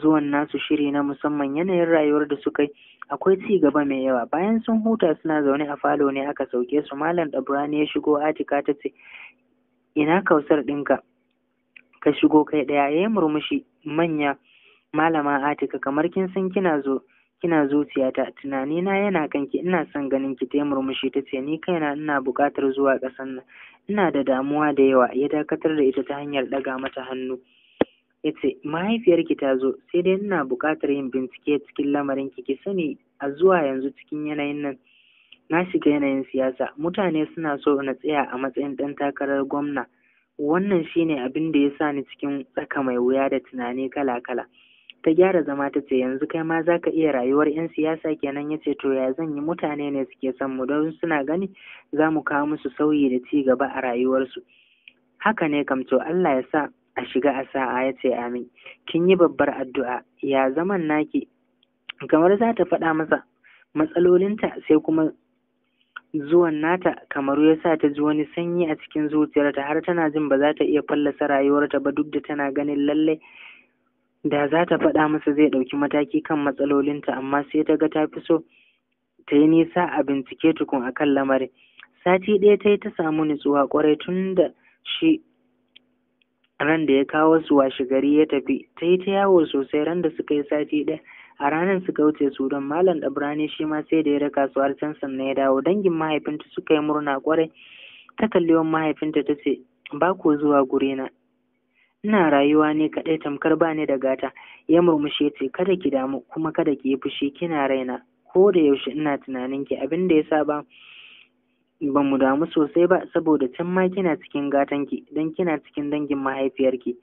A: zuwan nasu shiri na musamman yanayin rayuwar da suka yi akwai ci gaba mai yawa bayan sun huta suna zaune a falo ne aka sauke su malam ne ya shigo atika ta ce ina kausar ɗinka ka shigo kai ɗaya ya yi murmushi manya malama atika kamar kin san kina zo kina zuciyata tunani na yana kanki ina son ganin ki tai murmushi ta ce ni kaina ina buƙatar zuwa ƙasan nan ina da damuwa da yawa ya dakatar da ita ta hanyar ɗaga mata hannu ya ce mahaifiyarki ta zo sai dai ina buƙatar yin bincike cikin lamarin ki ki sani a zuwa yanzu cikin yanayin nan na shiga yanayin siyasa mutane suna so na tsaya a matsayin ɗan takarar gwamna wannan shine abin da ya sa ni cikin tsaka mai wuya da tunani kala-kala ta gyara zama ta ce yanzu kai ma za ka iya rayuwar 'yan siyasa kenan ya ce to ya zan yi mutane ne suke son mu don suna gani za mu kawo musu sauyi da ci gaba a rayuwarsu haka ne kam to Allah ya sa a shiga a sa'a ya ce amin kin yi babbar addu'a ya zaman naki kamar za ta faɗa masa matsalolinta sai kuma zuwan nata kamaru ya sa ta ji wani sanyi a cikin zuciyarta har tana jin ba za ta iya fallasa rayuwarta ba duk da tana ganin lallai da za ta faɗa masa zai ɗauki mataki kan matsalolinta amma sai ta ga ta fi so ta yi nisa a bincike tukun a kan lamari. sati ɗaya ta yi ta samu nutsuwa ƙwarai tun da shi ran da ya kawo su washe gari ya tafi ta yi ta yawo sosai ran da suka yi sati ɗaya a ranar suka wuce don malam ɗabrani shi ma sai da ya raka su har can sannan ya dawo dangin mahaifinta suka yi murna ƙwarai ta kalli mahaifinta ta ce ba ku zuwa gurina ina rayuwa ne kaɗai tamkar bani da gata ya murmushe ce kada ki damu kuma kada ki yi fushi kina raina ko da yaushe ina tunanin ki abin da ya sa ba ba mu damu sosai ba saboda can ma kina cikin gatanki don kina cikin dangin mahaifiyarki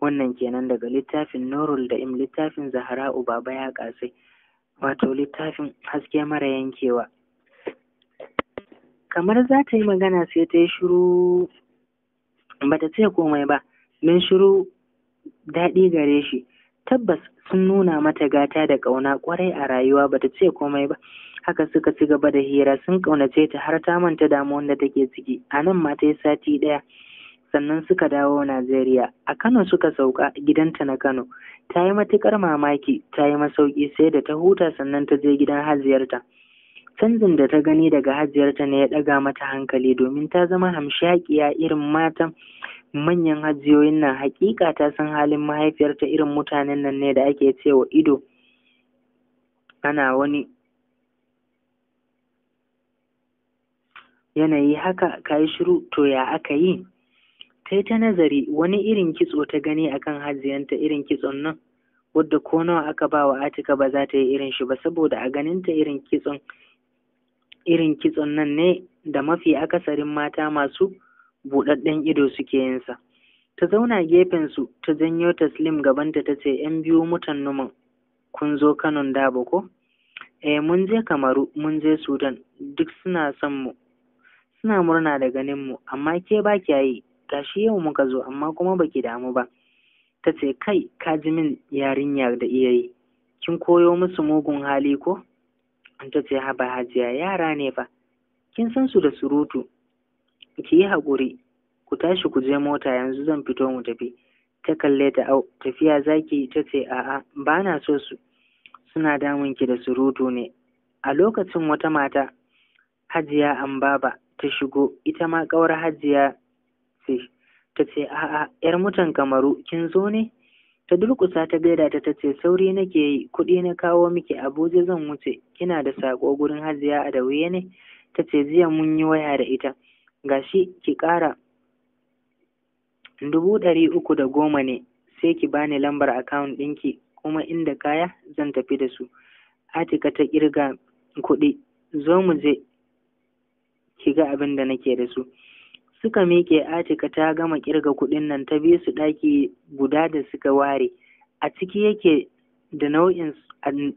A: wannan kenan daga littafin nurul da im littafin zahra'u baba ya kasai wato littafin haske mara yankewa kamar za ta yi magana sai ta yi shiru ba ta ce komai ba min shiru daɗi gare shi tabbas sun nuna mata gata da ƙauna ƙwarai a rayuwa bata ce komai ba haka suka ci gaba da hira sun ƙaunace ta har ta manta damuwan da take ciki a nan ma ta yi sati ɗaya sannan suka dawo Najeriya a Kano suka sauka gidanta na Kano ta yi matuƙar mamaki ta yi masauki sai da ta huta sannan ta je gidan haziyarta. Canjin da ta gani daga hajiyarta ne ya ɗaga mata hankali domin ta zama hamshakiya irin matan manyan hajiyoyin nan hakika ta san halin mahaifiyarta irin mutanen nan ne da ake cewa ido ana wani yanayi haka ka yi shiru to ya aka yi ta ta nazari wani irin kitso ta gani akan hajiyanta irin kitson nan wadda ko nawa aka ba wa atika ba za ta yi irin shi ba saboda a ganinta irin kitson irin kitson nan ne da mafi akasarin mata masu buɗaɗɗen ido suke yinsa ta zauna gefen su ta janyo taslim gabanta ta ce yan biyu mutan numan kun zo kanon ba ko eh mun je kamaru mun je sudan duk suna son mu suna murna da ganin mu amma ke ba kya yi gashi yau muka zo amma kuma baki damu ba ta ce kai ka ji min yarinya da iyayi. kin koyo musu mugun hali ko an ta ce haba hajiya yara ne ba. kin san su da surutu ki yi haƙuri ku tashi ku je mota yanzu zan fito mu tafi ta kalle ta au tafiya zaki ta ce a'a ba na so su suna damun ki da surutu ne a lokacin wata mata hajiya ambaba ta shigo ita ma ƙawar hajiya ce ta ce a'a yar mutan kamaru kin zo ne ta durƙusa ta gaida ta tace sauri nake yi kuɗi na kawo miki abuja zan wuce kina da saƙo gurin hajiya a dauye ne ta ce jiya mun yi waya da ita gashi ki ƙara dubu ɗari uku da goma ne sai ki bani lambar akawun ɗinki kuma inda kaya zan tafi da su atika ta ƙirga kuɗi zo mu je ki ga abin da nake da su suka miƙe atika ta gama kirga kuɗin nan ta biyu su ɗaki guda da suka ware a ciki yake da nau'in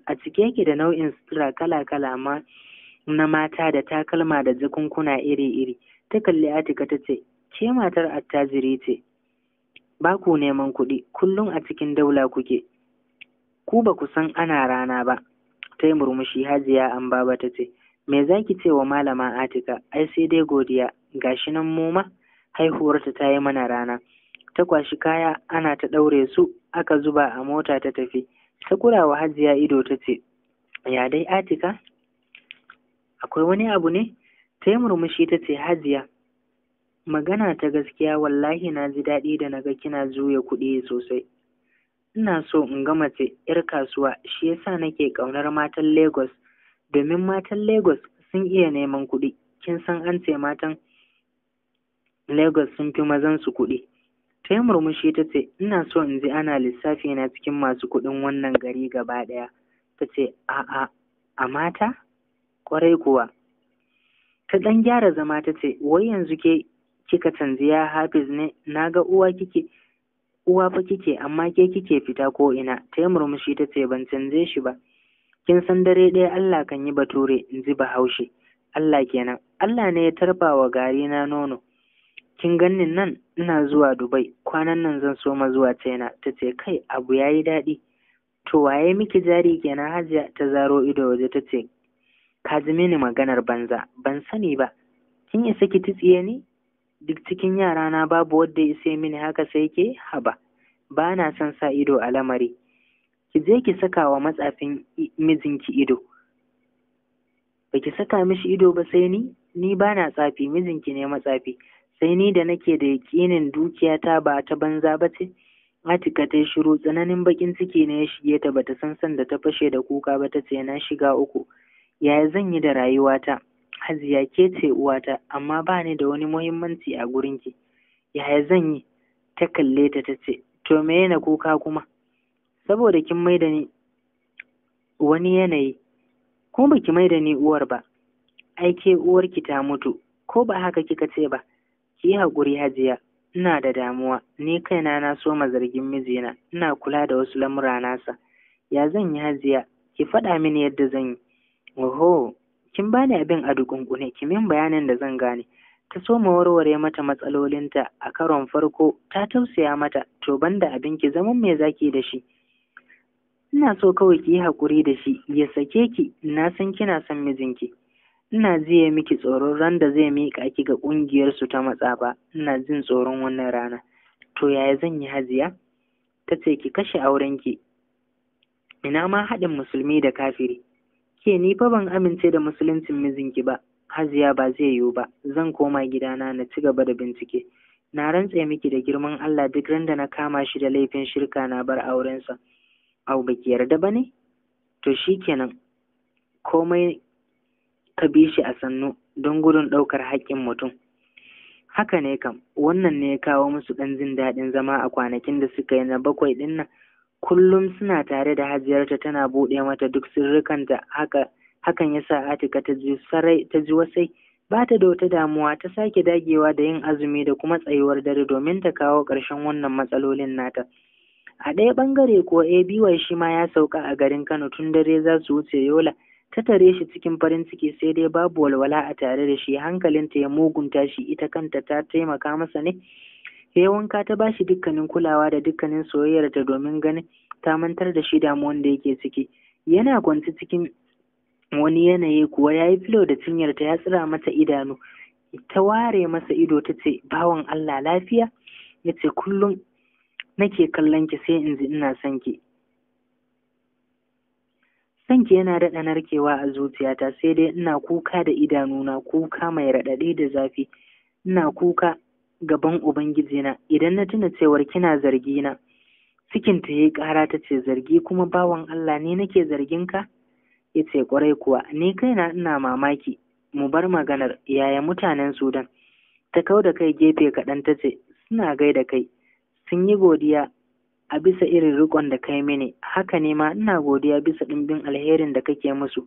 A: a ciki yake da nau'in sutura kala-kala ma na mata da takalma da jakunkuna iri-iri ta kalli atika ta ce ke matar attajiri ce ba ku neman kuɗi kullum a cikin daula kuke ku ba ku san ana rana ba ta yi murmushi hajiya an baba ta ce me za ki ce wa malama atika ai sai dai godiya gashi nan mu ma haihuwarta ta yi mana rana ta kwashi kaya ana ta ɗaure su aka zuba a mota ta tafi ta kurawa hajiya ido ta ce ya dai atika akwai wani abu ne ta yi murmushi ta ce hajiya magana ta gaskiya wallahi na ji daɗi da na ga kina juya kuɗi sosai ina so in ga mace 'yar kasuwa shi yasa nake ƙaunar matan lagos domin matan lagos sun iya neman kuɗi kin san an ce matan Lagos sun fi mazan su kuɗi. Ta yi murmushi ta ce, Ina so in ji ana lissafi na cikin masu kuɗin wannan gari gaba ɗaya. Ta ce, A'a, a mata? Ƙwarai kuwa. Ta ɗan gyara zama ta ce, Wai yanzu ke kika tanziya Hafiz ne, na ga uwa kike, uwa fa kike, amma ke kike fita ko ina. Ta yi murmushi ta ce, Ban canje shi ba. Kin san dare ɗaya Allah kan yi bature, in ji Bahaushe. Allah kenan, Allah ne ya tarba wa gari na nono. kin ganni nan ina zuwa Dubai kwanan nan zan soma zuwa China ta ce kai abu yayi daɗi to waye miki jari kenan Hajiya ta zaro ido waje ta ce ka ji mini maganar banza ban sani ba kin isa ki tsiye ni duk cikin yara na babu wadda ya isa mini haka sai ke haba ba na son sa ido a lamari ki je ki saka wa matsafin mijinki ido baki saka mishi ido ba sai ni ni ba na tsafi mijinki ne matsafi sai ni da nake da yaƙinin dukiyata ba ta banza ba ce Atika ta shiru tsananin bakin ciki ne ya shige ta bata san san da ta fashe da kuka ba ta ce na shiga uku yaya zan yi da rayuwata Hajiya ke ce uwata amma ba ni da wani muhimmanci a gurinki yaya zan yi ta kalle ta ta ce to me na kuka kuma saboda kin maida ni wani yanayi ko baki da ni uwar ba ai ke uwarki ta mutu ko ba haka kika ce ba ki yi haƙuri hajiya ina da damuwa ni kaina na soma zargin mijina ina kula da wasu lamura nasa ya zan yi hajiya ki faɗa mini yadda zan yi oho kin bani abin a dukunkune ki min bayanin da zan gane ta soma warware mata matsalolinta a karon farko ta tausaya mata to banda abin ki zaman me zaki da shi ina so kawai ki yi haƙuri da shi ya sake ki na san kina son mijinki ina jiye miki tsoron ran da zai miƙa ki ga ƙungiyar su ta matsaba ina jin tsoron wannan rana to yaya zan yi haziya? ta ce ki kashe auren ki ina ma haɗin musulmi da kafiri ke ni fa ban amince da musuluncin mijinki ba Haziya ba zai yiwu ba zan koma gidana na ci gaba da bincike na rantse miki da girman Allah duk randa na kama shi da laifin shirka na bar aurensa au baki yarda ba ne to shikenan komai ka bi shi a sannu don gudun ɗaukar haƙƙin mutum haka ne kam wannan ne ya kawo musu ɗan jin daɗin zama a kwanakin da suka yi na bakwai ɗin nan kullum suna tare da hajiyarta tana buɗe mata duk sirrikanta haka hakan ya sa atika ta ji sarai ta ji wasai ba ta da wata damuwa ta sake dagewa da yin azumi da kuma tsayuwar dare domin ta kawo ƙarshen wannan matsalolin nata a ɗaya ɓangare ko abiy shi ma ya sauka a garin kano tun dare za su wuce yola ta tare shi cikin farin ciki sai dai babu walwala a tare da shi hankalinta ya mugunta shi ita kanta ta taimaka masa ne ya wanka ta bashi dukkanin kulawa da dukkanin soyayyarta domin ganin ta mantar da shi damuwan da yake ciki yana kwanci cikin wani yanayi kuwa ya yi filo da cinyarta ya tsira mata idanu ta ware masa ido ta ce bawan Allah lafiya ya ce kullum nake kallon ki sai in ji ina son ki ki yana daɗa narkewa a zuciyata sai dai ina kuka da idanuna kuka mai raɗaɗi da zafi ina kuka gaban ubangijina idan na tuna cewar kina zargi na cikin ta yi ƙara ta ce zargi kuma bawan Allah ne nake zargin ka ya ce ƙwarai kuwa ni kaina ina mamaki mu bar maganar yaya mutanen Sudan ta kau da kai gefe kaɗan ta ce suna gaida kai sun yi godiya a bisa irin riƙon da kai mini haka ne ma ina godiya bisa ɗimbin alherin da kake musu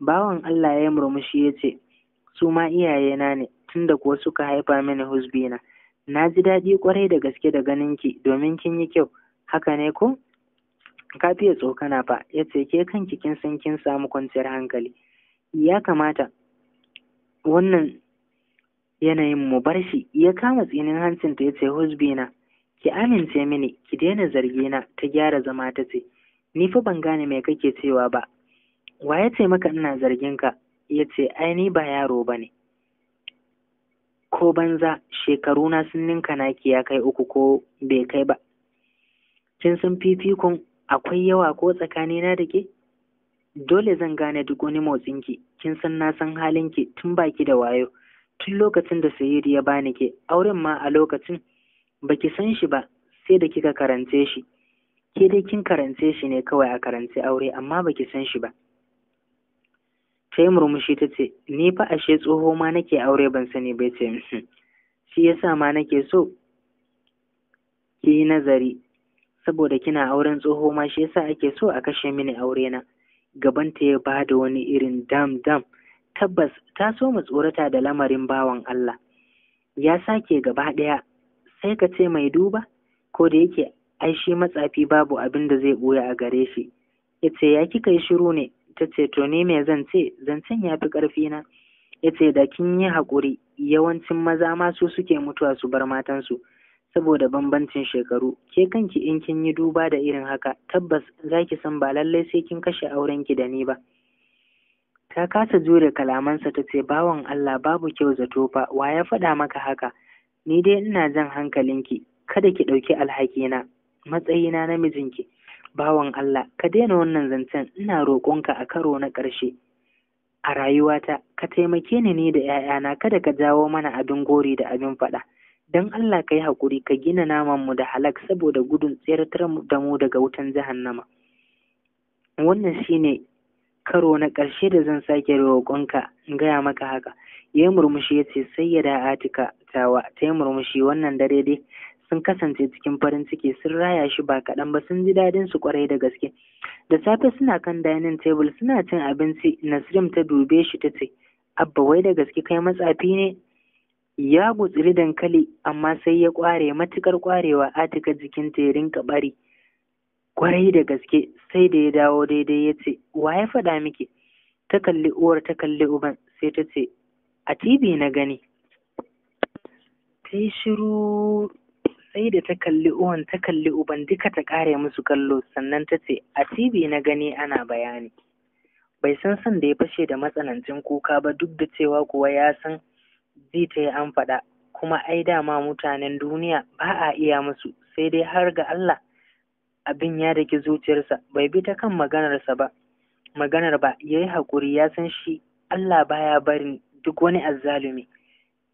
A: bawan Allah ya murmushi ya ce su ma iyayena ne tunda kuwa suka haifa mini husbina na ji daɗi kwarai da gaske da ganin ki domin kin yi kyau haka ne ko ka fiye tsokana fa ya ce ke kanki kin san kin samu kwanciyar hankali ya kamata wannan yanayin mu bar shi ya kama tsinin hancinta ya ce husbina ki amince mini ki daina zargi na ta gyara zama ta ce ni fa ban gane me kake cewa ba wa ya ce maka ina zargin ka ya ce ai ni ba yaro ba ne ko banza shekaru na sun ninka naki ya kai uku ko bai kai ba kin san fifikon akwai yawa ko tsakani na da ke dole zan gane duk wani motsin ki, kin san na san halin ki tun baki da wayo tun lokacin da sayiri ya bani ke auren ma a lokacin baki san shi ba sai da kika karance shi ke dai kin karance shi ne kawai a karance aure amma baki san shi ba ta yi murmushi ta ce ni fa ashe tsoho ma nake aure ban sani bai ce uhm, shi yasa ma nake so ki yi nazari saboda kina auren tsoho ma shi yasa ake so a kashe mini aure na Gaban ta ya ba da wani irin dam dam tabbas ta so mu tsorata da lamarin bawan Allah ya sake gaba ɗaya sai ka ce mai duba ko da yake ai shi matsafi babu abin da zai ɓoye a gare shi ya ce ya kika yi shiru ne ta ce to ni me zan ce zancen ya fi ƙarfi na ya ce da kin yi haƙuri yawancin maza ma su suke mutuwa su bar matansu saboda bambancin shekaru ke kanki in kin yi duba da irin haka tabbas za ki san ba lallai sai kin kashe aurenki da ni ba ta kasa jure kalamansa ta ce bawan Allah babu kyau zato fa wa ya faɗa maka haka ni dai ina jan hankalinki kada ki ɗauki alhakina matsayina na mijinki bawan Allah ka daina wannan zancen ina roƙonka a karo na ƙarshe a rayuwata ka taimake ni ni da 'ya'yana kada ka jawo mana abin gori da abin faɗa don Allah ka yi haƙuri ka gina namanmu da halak saboda gudun tseratar da mu daga wutan jahannama wannan shine karo na ƙarshe da zan sake roƙonka in gaya maka haka ya yi murmushi ya ce sai ya da atika tawa ta yi murmushi wannan dare dai sun kasance cikin farin ciki sun raya shi ba kaɗan ba sun ji daɗin su kwarai da gaske da safe suna kan dining table suna cin abinci nasrim ta dube shi ta ce abba wai da gaske kai matsafi ne ya gutsiri dankali amma sai ya kware matukar kwarewa atika jikinta ya rinka bari kwarai da gaske sai da ya dawo daidai ya ce wa ya faɗa miki ta kalli uwar ta kalli uban sai ta ce a tv na gani ta yi shiru sai da ta kalli uwan ta kalli uban duka ta ƙare musu kallo sannan ta ce a tv na gani ana bayani bai san san da ya fashe da matsanancin kuka ba duk da cewa kuwa ya san zai ta yi an faɗa kuma ai dama mutanen duniya ba a iya musu sai dai har ga Allah abin ya daki zuciyarsa bai bi ta kan maganarsa ba maganar ba ya yi haƙuri ya san shi Allah baya barin duk wani azzalumi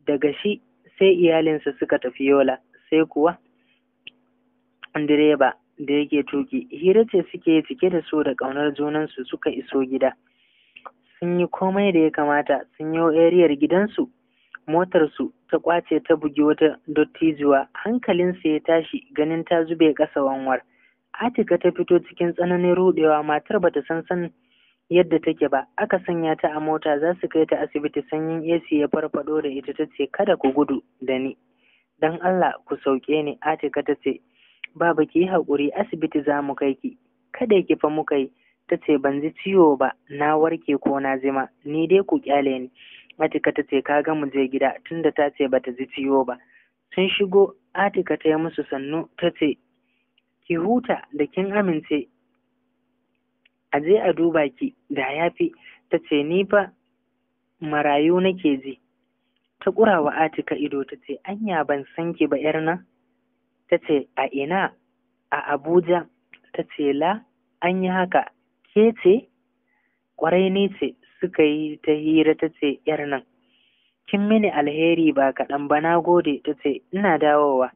A: daga shi sai iyalinsa suka tafi yola sai kuwa direba da yake tuki hira ce suke cike da so da ƙaunar junansu suka iso gida sun yi komai da ya kamata sun yi ariyar gidansu motarsu ta kwace ta bugi wata dottijuwa hankalinsa ya tashi ganin ta zube ƙasa wanwar Atika ta fito cikin tsananin ruɗewa matar bata san san yadda take ba aka sanya ta a mota za su kai ta asibiti sanyin AC ya farfaɗo da ita ta ce kada ku gudu da ni dan Allah ku sauke ni Atika ta ce baba ki yi haƙuri asibiti za mu kai ki kada ki fa muka yi ta ce ban ji ciwo ba na warke ko na zima ni dai ku kyale ni Atika ta ce kaga mu je gida tunda ta ce bata ji ciwo ba sun shigo Atika ta yi musu sannu ta ce ki huta da kin amince a je a duba ki da yafi ta ce ni fa marayu nake ji ta ƙurawa atika ido ta ce anya ban san ki ba yar nan ta ce a ina a abuja ta ce la an yi haka ke ce ƙwarai ne ce suka yi ta hira ta ce yar nan kin mini alheri ba kaɗan ba na gode ta ce ina dawowa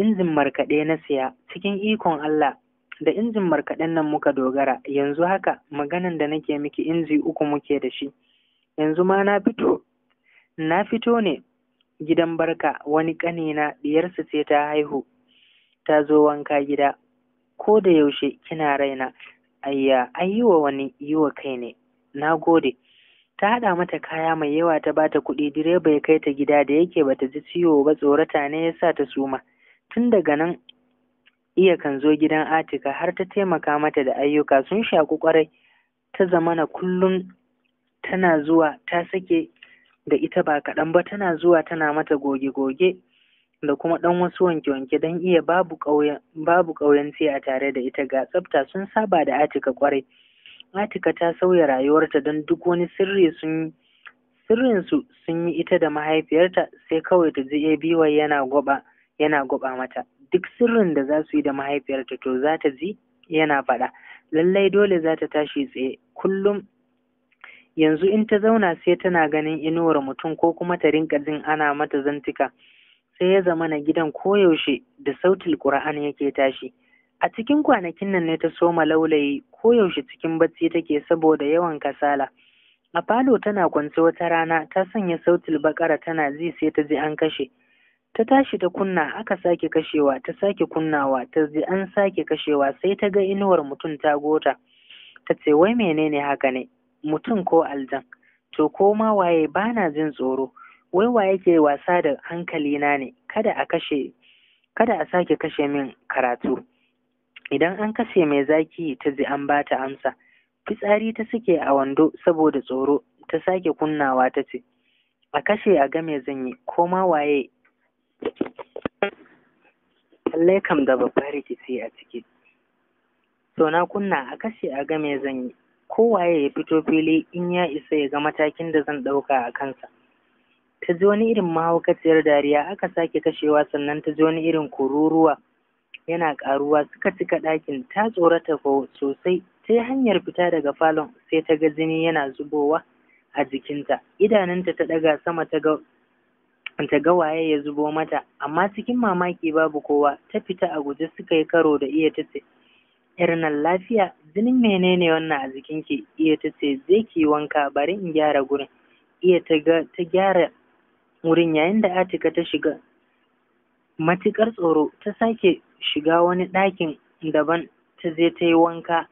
A: injin markaɗe na siya cikin ikon Allah da injin markaɗen nan muka dogara yanzu haka maganan da nake miki inji uku muke da shi yanzu ma na fito na fito ne gidan barka wani ƙanina diyarsa ce ta haihu ta zo wanka gida ko da yaushe kina raina ayya an yi wa wani yi wa kai ne na gode ta haɗa mata kaya mai yawa ta bata kuɗi direba ya kai ta gida da yake bata ji ciwo ba tsorata ne ya sa ta suma tun daga nan iya kan zo gidan atika har ta taimaka mata da ayyuka sun shaku kwarai ta zamana kullum tana zuwa ta sake da ita ba kaɗan ba tana zuwa tana mata goge-goge da kuma ɗan wasu wanke-wanke don iya babu ƙauyen sai a tare da ita ga tsafta sun saba da atika kwarai atika ta sauya rayuwarta don duk wani sirri sun sirrinsu sun yi ita da mahaifiyarta sai kawai ta ji wai yana gwaba yana guba mata duk sirrin da za su yi da mahaifiyarta to za ta ji yana faɗa lallai dole za ta tashi tsaye kullum yanzu in ta zauna sai tana ganin inuwar mutum ko kuma ta rinka jin ana mata zantuka sai ya zama na gidan koyaushe da sautil ƙura'an yake tashi a cikin kwanakin nan ne ta soma laulayi koyaushe cikin bacci take saboda yawan kasala a falo tana kwance wata rana ta sanya sautin bakara tana ji sai ta ji an kashe ta tashi ta kunna aka sake kashewa ta sake kunnawa ta ji an sake kashewa sai ta ga inuwar mutum ta gota ta ce wai menene haka ne mutum ko aljan to ko ma waye bana jin tsoro wai wa yake wasa da hankalina ne kada a kashe kada a sake kashe min karatu idan an kashe mai zaki ta ji an bata amsa fitsari ta suke a wando saboda tsoro ta sake kunnawa ta ce a kashe a game zanyi ko ma waye lallai kam da babban rikici a ciki so na kunna a kashe a ga me zan yi kowaye ya fito fili in ya isa ya ga matakin da zan ɗauka a kansa ta ji wani irin mahaukaciyar dariya aka sake kashewa sannan ta ji wani irin kururuwa yana ƙaruwa suka cika ɗakin ta tsorata sosai ta yi hanyar fita daga falon sai ta ga jini yana zubowa a jikinta idanunta ta ɗaga sama ta ga ta ga waye ya zubo mata amma cikin mamaki babu kowa ta fita a guje suka yi karo da iya ta ce yar nan lafiya jinin menene wannan a jikinki iya ta ce zai ki wanka bari in gyara gurin iya ta ga ta gyara wurin yayin da atika ta shiga matukar tsoro ta sake shiga wani ɗakin daban ta je ta yi wanka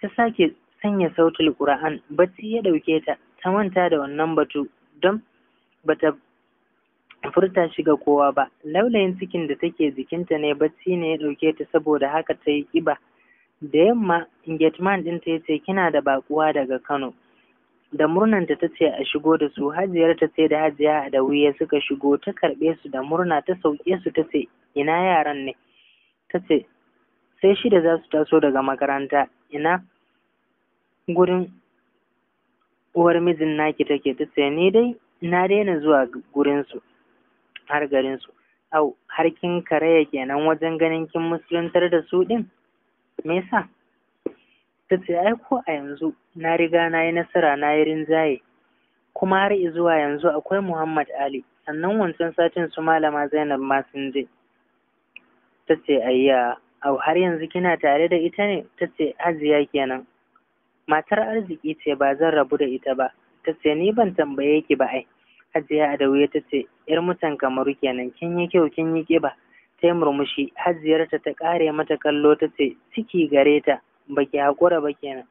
A: ta sake sanya sautul Qur'an bacci ya ɗauke ta ta manta da wannan batu don bata furta shi ga kowa ba laulayin cikin da take jikinta ne bacci ne ya dauke ta saboda haka ta yi ƙiba da yamma engagement ɗinta ya ce kina da bakuwa daga kano da murnanta ta ce a shigo da su hajiyar ta ce da hajiya da wuya suka shigo ta karɓe su da murna ta sauke su ta ce ina yaran ne ta ce sai shida za su taso daga makaranta ina gurin uwar mijin naki take ta ce ni dai na daina zuwa gurinsu har garin su au har kin karaya kenan wajen ganin kin musuluntar da su din me yasa ta ce ai ko a yanzu na riga na yi nasara na yi rinjaye kuma har zuwa yanzu akwai Muhammad Ali sannan wancan satin su malama Zainab ma sun je ta ce ayya au har yanzu kina tare da ita ne ta ce hajiya kenan matar arziki ce ba zan rabu da ita ba ta ce ni ban tambaye ki ba ai Hajiya Adawiya ta ce, ‘yar mutan kamaru kenan, kin yi kyau, kin yi ƙiba, ta yi murmushi, hajiyarta ta ƙare mata kallo ta ce, ciki gare ta, baki haƙura ba kenan.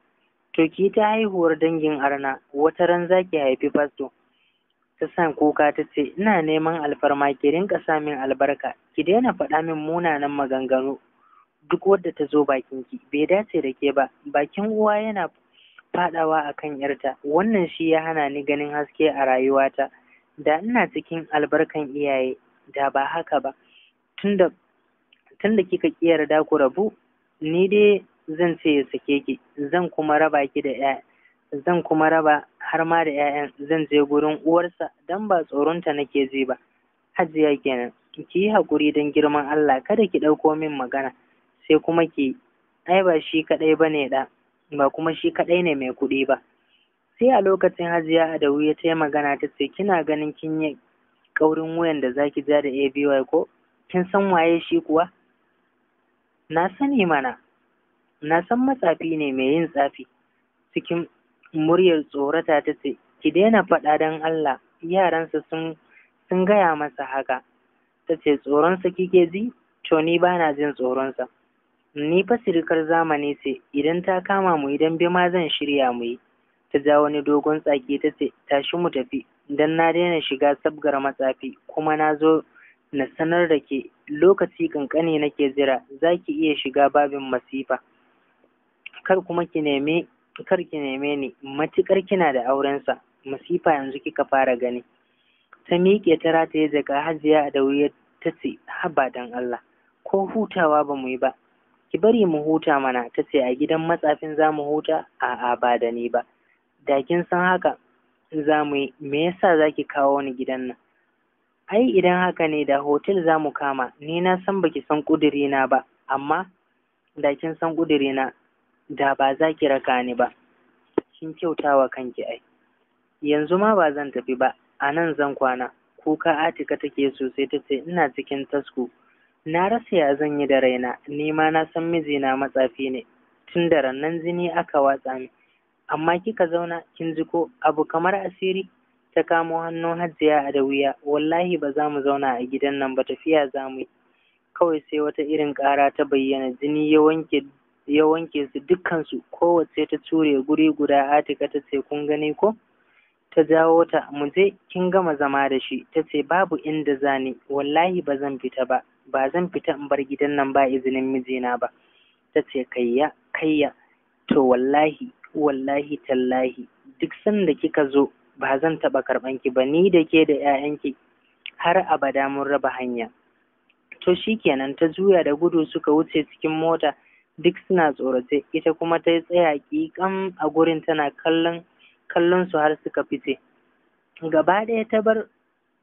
A: To ta haihuwar dangin arna, wata ran za ki haifi fasto. Ta san kuka ta ce, ina neman alfarma ki rinka sa min albarka, ki daina faɗa min munanan maganganu. Duk wadda ta zo bakin ki, bai dace da ke ba, bakin uwa yana faɗawa akan ‘yarta, wannan shi ya hana ni ganin haske a rayuwata. da ina cikin albarkan iyaye da ba haka ba tunda tunda kika ki yarda ku rabu ni dai zan ce ya sake ki zan kuma raba ki da ya zan kuma raba har ma da ƴaƴan zan je gurin uwarsa dan ba tsoronta nake ji ba hajiya kenan ki yi haƙuri don girman Allah kada ki ɗauko min magana sai kuma ki ai ba shi kaɗai ba ne ɗa ba kuma shi kaɗai ne mai kuɗi ba sai a lokacin hajiya wuya ta yi magana ta ce kina ganin kin yi kaurin wuyan da zaki ja da ABY ko kin san waye shi kuwa na sani mana na san matsafi ne mai yin tsafi cikin muryar tsorata ta ce ki daina faɗa don Allah yaransa sun sun gaya masa haka ta ce tsoronsa kike ji to ni bana jin tsoronsa ni fa sirikar zamani ce idan ta kama mu idan bi ma zan shirya mu yi ta ja wani dogon tsaki ta ce tashi mu tafi dan na daina shiga sabgar matsafi kuma na zo na sanar da ke lokaci na nake jira za ki iya shiga babin masifa kar kuma ki neme kar ki neme ni matukar kina da aurensa masifa yanzu kika fara gani ta miƙe ta rataye jaka hajiya da wuya ta ce haba dan Allah ko hutawa ba mu yi ba ki bari mu huta mana ta ce a gidan matsafin za mu huta a'a ba da ni ba da kin san haka za mu yi me yasa za ki kawo ni gidan nan ai idan haka ne da hotel za mu kama ni na san baki san ƙudirina ba amma da kin san kudirina da ba za ki raka ni ba kin kyauta wa kanki ai yanzu ma ba zan tafi ba a nan zan kwana kuka atika take sosai ta ce ina cikin tasku na rasa ya zan yi da raina ni ma na san mijina matsafi ne tun da rannan jini aka watsa min amma kika zauna kin ji ko? abu kamar asiri ta kamo hannun hajiya da wuya wallahi ba za mu zauna a gidan nan ba tafiya za mu yi kawai sai wata irin ƙara ta bayyana jini ya wanke su dukkansu kowace ta ture guri guda atika ta ce kun gani ko ta jawo ta mu je kin gama zama da shi ta ce babu inda zani wallahi ba zan fita ba ba zan fita in bar gidan nan ba izinin mijina ba ta ce kayya kayya to wallahi wallahi tallahi duk sanda kika zo ba zan taɓa karɓan ki ba ni da ke da 'ya'yanki har abada mun raba hanya to kenan ta juya da gudu suka wuce cikin mota duk suna tsorace ita kuma ta yi tsaya ƙiƙam a gurin tana kallon kallon su har suka fice gaba ɗaya ta bar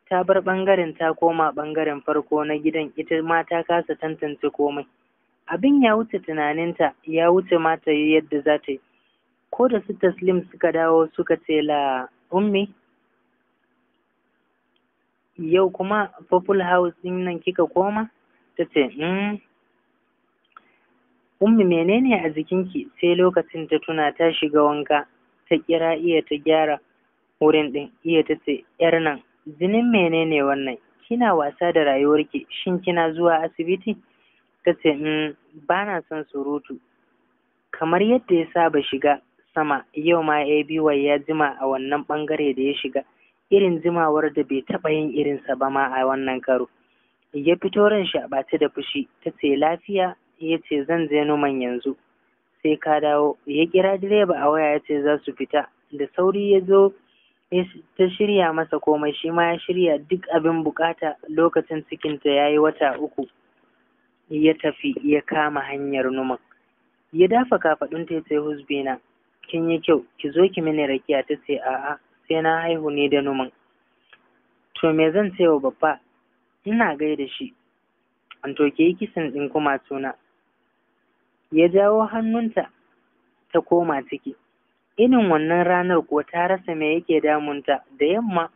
A: ta bar ɓangaren ta koma ɓangaren farko na gidan ita ma ta kasa tantance komai abin ya wuce tunaninta ya wuce ma ta yi yadda za ta yi ko da su taslim suka dawo suka ce la ummi yau kuma purple house din nan kika koma ta ce hmm. ummi menene a jikinki sai lokacin ta tuna ta shiga wanka ta kira iya ta gyara wurin din iya ta ce yar nan jinin menene wannan kina wasa da rayuwar ki? shin kina zuwa asibiti ta ce hmm, bana son surutu kamar yadda ya saba shiga sama yau ma ya wai ya jima a wannan bangare da ya shiga irin jimawar da bai taɓa yin irinsa ba ma a wannan karo ya fito ran shi a ɓace da fushi ta ce lafiya ya ce zan je numan yanzu sai ka dawo ya kira direba a waya ya ce za su fita da sauri ya zo ta shirya masa komai shi ma ya shirya duk abin buƙata lokacin cikinta ya yi wata uku ya tafi ya kama hanyar numan ya dafa kafaɗunta ya ce husbina kin yi kyau ki zo ki mini rakiya ta ce a'a sai na haihu ne da numan to me zan ce wa babba ina gaida shi an to ke yi kisan ɗin kuma tuna ya jawo hannunta ta koma ciki irin wannan ranar ko ta rasa me yake damunta da yamma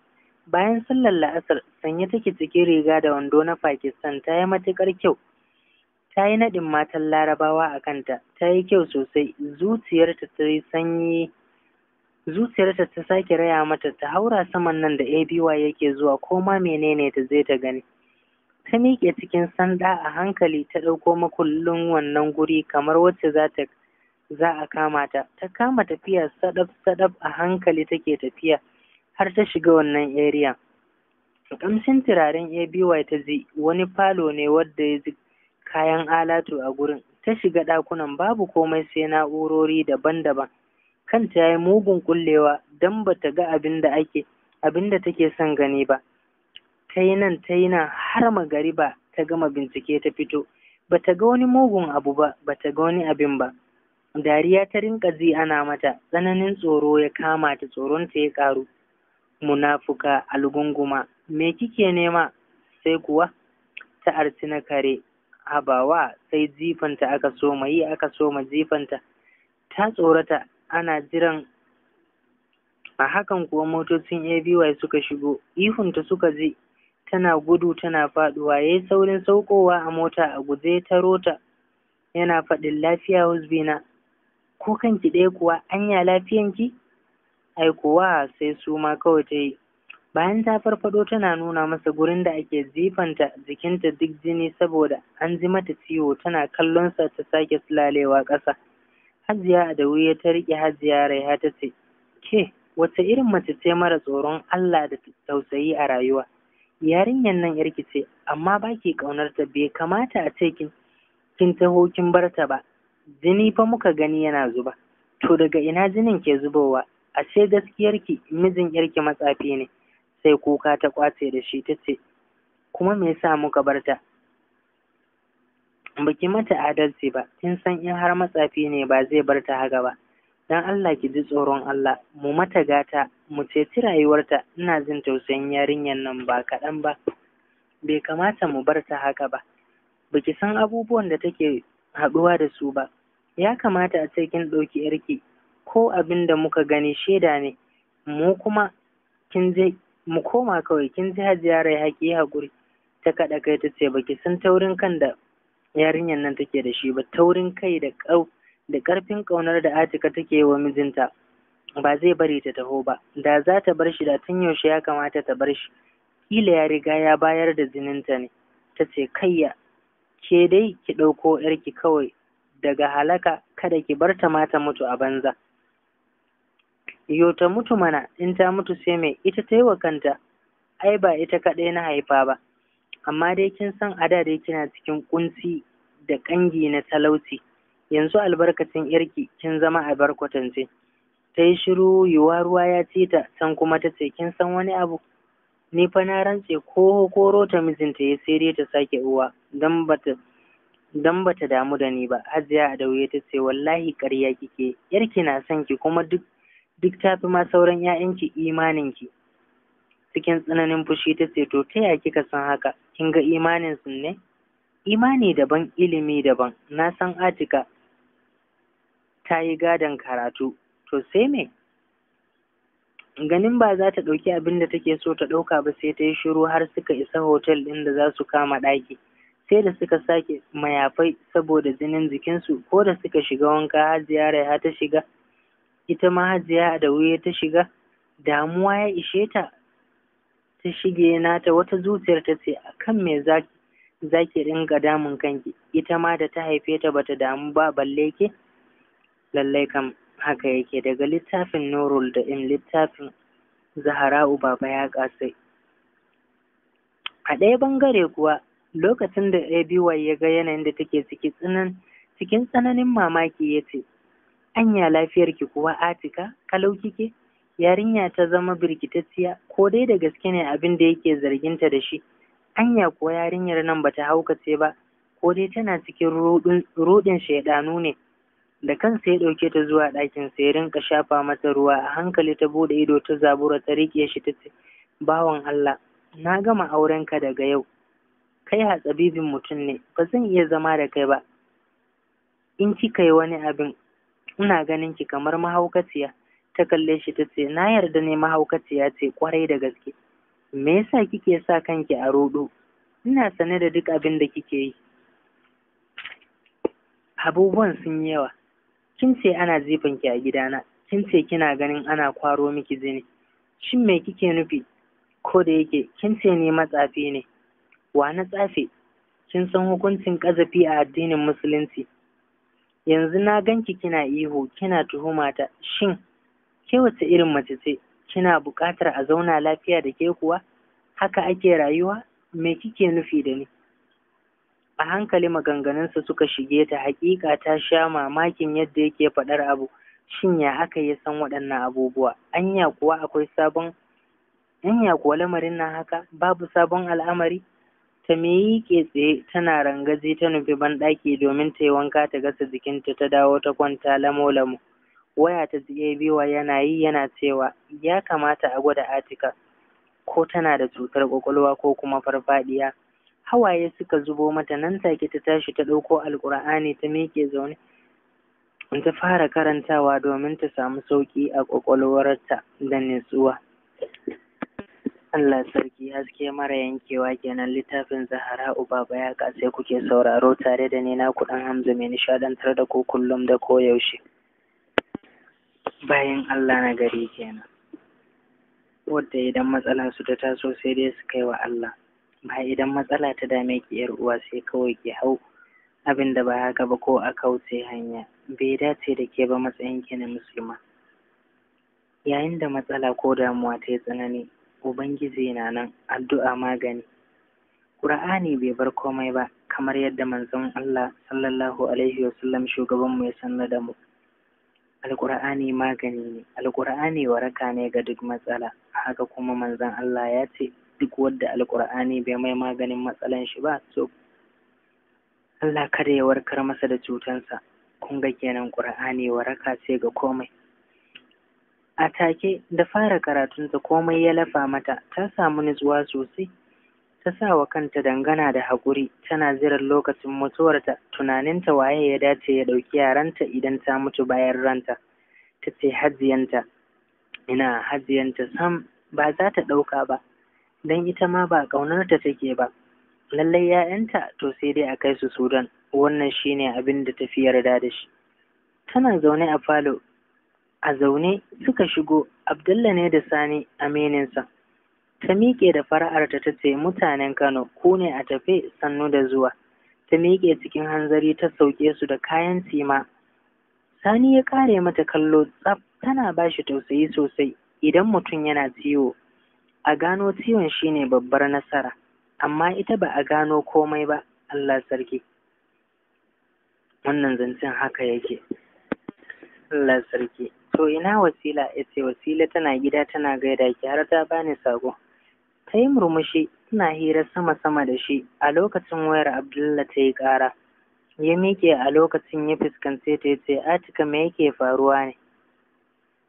A: bayan sallar la'asar sanye take cikin riga da wando na pakistan ta yi matuƙar kyau ta yi naɗin matan larabawa a kanta ta yi kyau sosai zuciyarta ta yi sanyi zuciyarta ta sake raya mata ta haura saman nan da ABY yake zuwa ko ma menene ta zai ta gani ta miƙe cikin sanda a hankali ta ɗauko makullin wannan guri kamar wacce za ta za a kama ta ta kama tafiya sadaf sadaf a hankali take tafiya har ta shiga wannan area kamshin turaren ABY ta ji wani falo ne wadda ya ji kayan alatu a gurin ta shiga ɗakunan babu komai sai na'urori daban-daban kanta ya yi mugun kullewa don ba ta ga abin da ake abin da take son gani ba ta yi nan ta yi nan har magariba ta gama bincike ta fito ba ta ga wani mugun abu ba ba ta ga wani abin ba dariya ta rinka ji ana mata tsananin tsoro ya kama ta tsoron ta ya ƙaru munafuka algunguma me kike nema sai kuwa ta arci na kare abawa sai jifanta aka soma yi aka soma jifanta ta tsorata ana jiran a hakan kuwa motocin ABY suka shigo ihunta suka je tana gudu tana faduwa yi saurin saukowa a mota a guje ta rota yana faɗin lafiya husbina ko kanki ɗaya kuwa anya lafiyanki ai kuwa sai su ma kawai ta yi bayan ta farfaɗo tana nuna masa gurin da ake jifanta jikinta duk jini saboda an ji mata ciwo tana kallon sa ta sake sulalewa ƙasa hajiya da ya ta riƙe hajiya raiha ta ce ke wace irin mace ce mara tsoron Allah da tausayi a rayuwa yarinyar nan yarki ce amma ba ki ƙaunar ta bai kamata a ce kin kin taho kin bar ta ba jini fa muka gani yana zuba to daga ina jinin ke zubowa ashe gaskiyarki mijin yarki matsafi ne sai kuka ta kwace da shi tace kuma me yasa muka bar ta baki mata adalci ba kin san in har matsafi ne ba zai bar ta haka ba dan Allah ki ji tsoron Allah mu mata gata mu ceci rayuwarta ina jin tausayin yarinyar nan ba kaɗan ba bai kamata mu bar ta haka ba baki san abubuwan da take haɗuwa da su ba ya kamata a ce kin ɗauki yarki ko abin da muka gani shaida ne mu kuma kin je mu koma kawai kin ji hajiya rai haƙi haƙuri ta kaɗa kai ta ce baki san taurin kan da yarinyar nan take da shi ba taurin kai da ƙau da ƙarfin ƙaunar da atika take wa mijinta ba zai bari ta taho ba da za ta bar shi da tun yaushe ya kamata ta bar shi kila ya riga ya bayar da jininta ne ta ce kayya ke dai ki ɗauko ‘yarki kawai daga halaka kada ki bar ta mata mutu a banza yo ta mutu mana in ta mutu sai mai ita ta yi wa kanta ai ba ita kaɗai na haifa ba amma dai kin san a da dai kina cikin kunci da ƙangi na talauci yanzu albarkacin yarki kin zama a barkwatance. ta yi shiru yiwuwa ruwa ya ci ta san kuma ta ce kin san wani abu ni fa na rantse ko koro ta mijinta ya sai dai ta sake uwa dan bata dan bata damu da ni ba hajiya a dauye ta ce wallahi ƙarya kike yarki na son ki kuma duk duk ta fi ma sauran ‘ya'yanki ki, cikin tsananin fushi ta ce to ta ya kika san haka kin ga imanin su ne imani daban ilimi daban na san atika ta yi gadon karatu to sai me ganin ba za ta ɗauki abin da take so ta ɗauka ba sai ta yi shiru har suka isa hotel ɗin da za su kama ɗaki sai da suka sake mayafai saboda jinin jikinsu ko da suka shiga wanka har ziyarar ta shiga ita mahajiya da wuya ta shiga damuwa ya ishe ta ta shige nata wata zuciyar ta ce akan me zaki zaki dinga damun kanki ita ma da ta haife ta bata damu ba balle ke lallai kam haka yake daga littafin nurul da in littafin zahara'u baba ya kasai a ɗaya bangare kuwa lokacin da abiwa ya ga yanayin da take ciki cikin tsananin mamaki ya ce anya lafiyar ki kuwa Atika, kalau kike? Yarinya ta zama birkitacciya, ko dai da gaske ne abin da yake zarginta da shi. Anya kuwa yarinyar nan bata haukace ba, ko dai tana cikin ruɗin shaidanu ne. Da kansa ya ɗauke ta zuwa ɗakin sa ya rinka shafa mata ruwa a hankali ta buɗe ido ta zabura ta riƙe shi ta ce, Bawan Allah, na gama auren ka daga yau. Kai hatsabibin mutum ne, ba zan iya zama da kai ba. In kika yi wani abin, ina ganin ki kamar mahaukaciya ta kalle shi ta ce na yarda ne mahaukaciya ce kwarai da gaske me yasa kike sa kanki a roɗo? ina sane da duk abin da kike yi abubuwan sun yi yawa kin ce ana jifan ki a gidana kin ce kina ganin ana kwaro miki jini shin me kike nufi ko da yake kin ce ni matsafi ne wa na tsafe kin san hukuncin ƙazafi a addinin musulunci yanzu na ganki kina ihu kina tuhuma ta shin ke wace irin mace ce kina buƙatar a zauna lafiya da ke kuwa haka ake rayuwa me kike nufi da ni a hankali maganganunsa suka shige ta haƙiƙa ta sha mamakin yadda yake faɗar abu shin ya aka yi san waɗannan abubuwa anya kuwa akwai sabon anya kuwa lamarin nan haka babu sabon al'amari ta miƙe tsaye tana rangaji ta nufi banɗaki domin ta yi wanka ta gasa jikinta ta dawo ta kwanta lamo-lamo. Waya ta je biwa yana yi yana cewa ya kamata a gwada Atika ko tana da cutar ƙwaƙwalwa ko kuma farfaɗiya. Hawaye suka zubo mata nan take ta tashi ta ɗauko Alƙur'ani ta miƙe zaune. ta fara karantawa domin ta samu sauƙi a ƙwaƙwalwarta da nutsuwa. Allah sarki haske mara yankewa kenan littafin Zahara uba baya ka sai kuke sauraro tare da ni na kuɗin Hamza mai nishadantar da ku kullum da koyaushe. Bayan Allah na gari kenan. Wadda idan matsala su ta taso sai dai su kai wa Allah. Ba idan matsala ta dame ki yar uwa sai kawai ki hau abin da ba haka ba ko a kauce hanya. Bai dace da ke ba matsayin ki na musulma. Yayin da matsala ko damuwa ta yi tsanani, Ubangiji na nan addu'a magani Ƙur'ani bai bar komai ba kamar yadda manzon Allah sallallahu alaihi wasallam shugabanmu ya sanar da mu Alƙur'ani magani ne Alƙur'ani waraka ne ga duk matsala haka kuma manzon Allah ya ce duk wadda Alƙur'ani bai mai maganin matsalan shi ba to Allah kada ya warkar masa da cutansa kun ga kenan Ƙur'ani waraka ce ga komai A take da fara karatunta komai ya lafa mata, ta samu nutsuwa sosai. Ta sa wa kanta dangana da haƙuri, tana jiran lokacin mutuwarta, tunaninta waye ya dace ya ɗauki yaranta idan ta mutu bayan ranta. Ta ce hajiyanta, ina hajiyanta sam ba za ta ɗauka ba, don ita ma ba ƙaunarta take ba. Lallai ‘ya'yanta to sai dai a kai su Sudan, wannan shine abin da ta fi yarda da shi. Tana zaune a falo, a zaune suka shigo abdullah ne da sani amininsa ta miƙe da fara'arta ta ce mutanen kano ku ne a tafe sannu da zuwa ta miƙe cikin hanzari ta sauke su da kayan sima sani ya ƙare mata kallo tsaf tana ba shi tausayi sosai idan mutum yana ciwo a gano ciwon shine babbar nasara amma ita ba a gano komai ba allah sarki wannan zancen haka yake allah sarki to ina wasila ya wasila tana gida tana gaida ki har ta bani sako ta yi murmushi tana hira sama sama da shi a lokacin wayar abdulla ta yi ƙara ya miƙe a lokacin ya fuskance ta ce atika me yake faruwa ne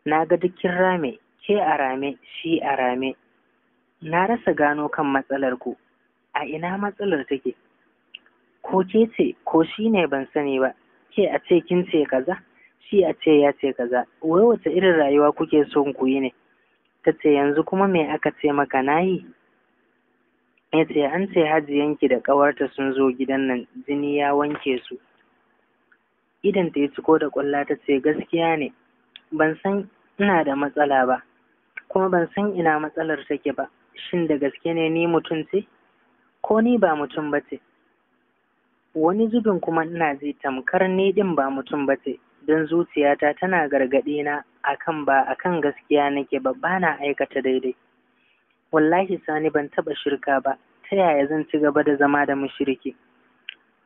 A: na ga dukkin rame ke a rame shi a rame na rasa gano kan matsalar ku a ina matsalar take ko ke ce ko shi ne ban sani ba ke a ce kin ce kaza shi a ce ya ce kaza wai wace irin rayuwa kuke son ku yi ne ta ce yanzu kuma me aka ce maka nayi ya ce an ce hajiyanki da kawarta sun zo gidan nan jini ya wanke su idan ta yi ciko da kwallo ta ce gaskiya ne ban san ina da matsala ba kuma ban san ina matsalar take ba shin da gaske ne ni mutum ce ko ni ba mutum ba ce wani zubin kuma ina ji tamkar ni din ba mutum ba ce don zuciyata tana gargaɗe na akan ba akan gaskiya nake ba na aikata daidai wallahi sani ban taɓa shirka ba ta yaya zan ci gaba da zama da mushriki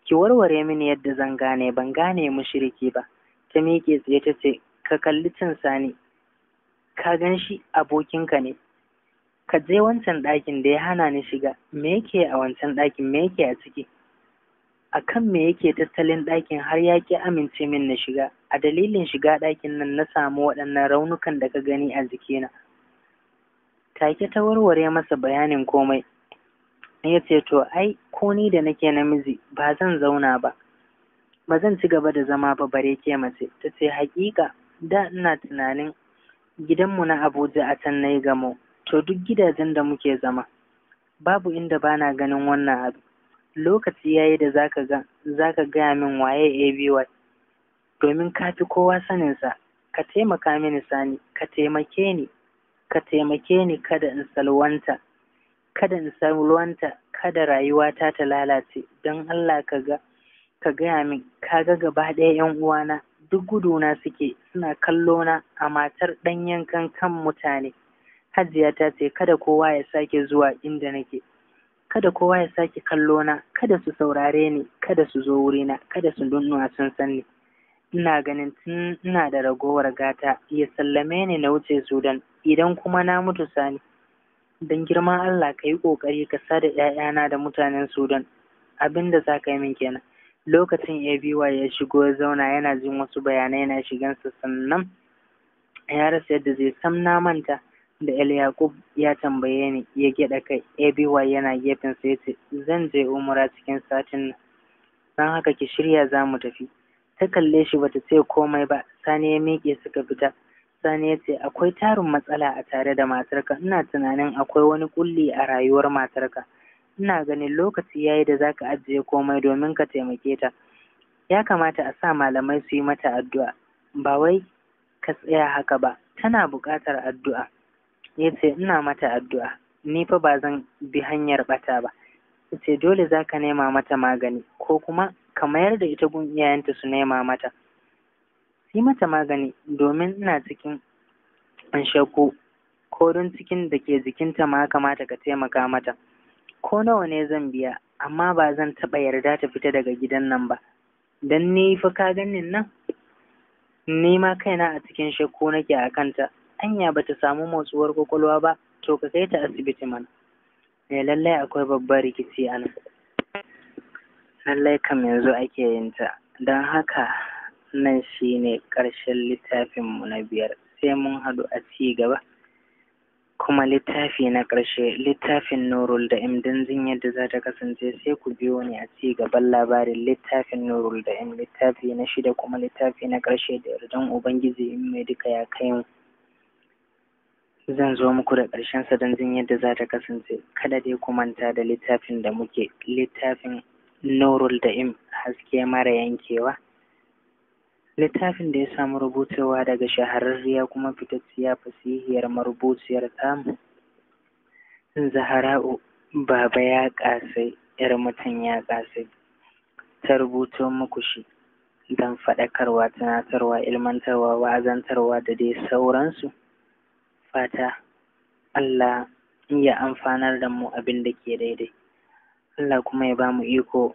A: ki warware mini yadda zan gane ban gane mushriki ba ta miƙe tsaye ta ce ka kalli cin sani ka gan shi abokinka ne ka je wancan ɗakin da ya hana ni shiga me yake a wancan ɗakin me yake a ciki a kan me yake tattalin ɗakin har ya ƙi amince min na shiga a dalilin shiga ɗakin nan na samu waɗannan raunukan da ka gani a jikina take ta warware masa bayanin komai ya ce to ai ko ni da nake namiji ba zan zauna ba ba zan ci gaba da zama ba bare ke mace ta ce haƙiƙa da ina tunanin gidanmu na abuja a can na yi gamo to duk gidajen da muke zama babu inda bana ganin wannan abu lokaci ya yi da za ka gaya min waye ABY domin ka fi kowa saninsa ka taimaka mini sani ka taimake ni ka taimake ni kada in salwanta kada in salwanta kada rayuwata ta lalace don Allah ka ka gaya min ka ga gaba ɗaya yan uwana duk guduna suke suna kallo na a matar ɗan yankan kan mutane hajiya ta ce kada kowa ya sake zuwa inda nake kada kowa ya sake kallo na kada su saurare ni kada su zo wurina kada su dunnuwa sun san ni ina ganin tun ina da ragowar gata ya sallame ni na wuce sudan idan kuma na mutu sani dan girman allah ka yi ƙoƙari ka sada 'ya'yana da mutanen sudan abin da za ka yi min kenan lokacin aby ya shigo ya zauna yana jin wasu bayanai na shigansa sannan ya rasa yadda zai sam na manta da El Yakub ya tambaye ni ya gyaɗa kai ABY yana gefen sa yace zan je umura cikin satin nan don haka ki shirya za mu tafi ta kalle shi bata ce komai ba Sani ya miƙe suka fita Sani ya ce akwai tarin matsala a tare da matarka ina tunanin akwai wani kulli a rayuwar matarka ina ganin lokaci ya yi da za ka ajiye komai domin ka taimake ta ya kamata a sa malamai su yi mata addu'a ba wai ka tsaya haka ba tana buƙatar addu'a ya ce ina mata addu'a ni fa ba zan bi hanyar bata ba ya ce dole za ka nema mata magani ko kuma ka mayar da ita gun iyayenta su nema mata Si mata magani domin ina cikin shakku ko don cikin da ke jikinta ma kamata ka taimaka mata ko nawa ne zan biya amma ba zan taɓa yarda ta fita daga gidan nan ba don ni fa ka ganin nan ni ma kaina a cikin shakku nake a kanta anya bata samu motsuwar kwakwalwa ba to ka kai ta asibiti mana eh lallai akwai babban rikici a nan lallai kam yanzu ake yin ta don haka nan shine ƙarshen littafinmu na biyar sai mun haɗu a ci gaba kuma littafi na ƙarshe littafin nurul da imdanzin yadda za ta kasance sai ku biyo ni a cigaban gaban labarin littafin nurul da im littafi na shida kuma littafi na ƙarshe da yardan ubangiji in mai duka ya kai mu zan zo muku da ƙarshen sa don jin yadda za ta kasance kada dai ku manta da littafin da muke littafin nurul da im haske mara yankewa littafin da ya samu rubutawa daga shahararriya kuma fitacciya fasihiyar marubuciyar tamu zahara'u baba ya ƙasai yar mutum ya ƙasai ta rubuto muku shi don faɗakarwa tunatarwa ilmantarwa wa'azantarwa da dai sauransu fata Allah ya amfanar da mu abin da ke daidai Allah kuma ya ba mu iko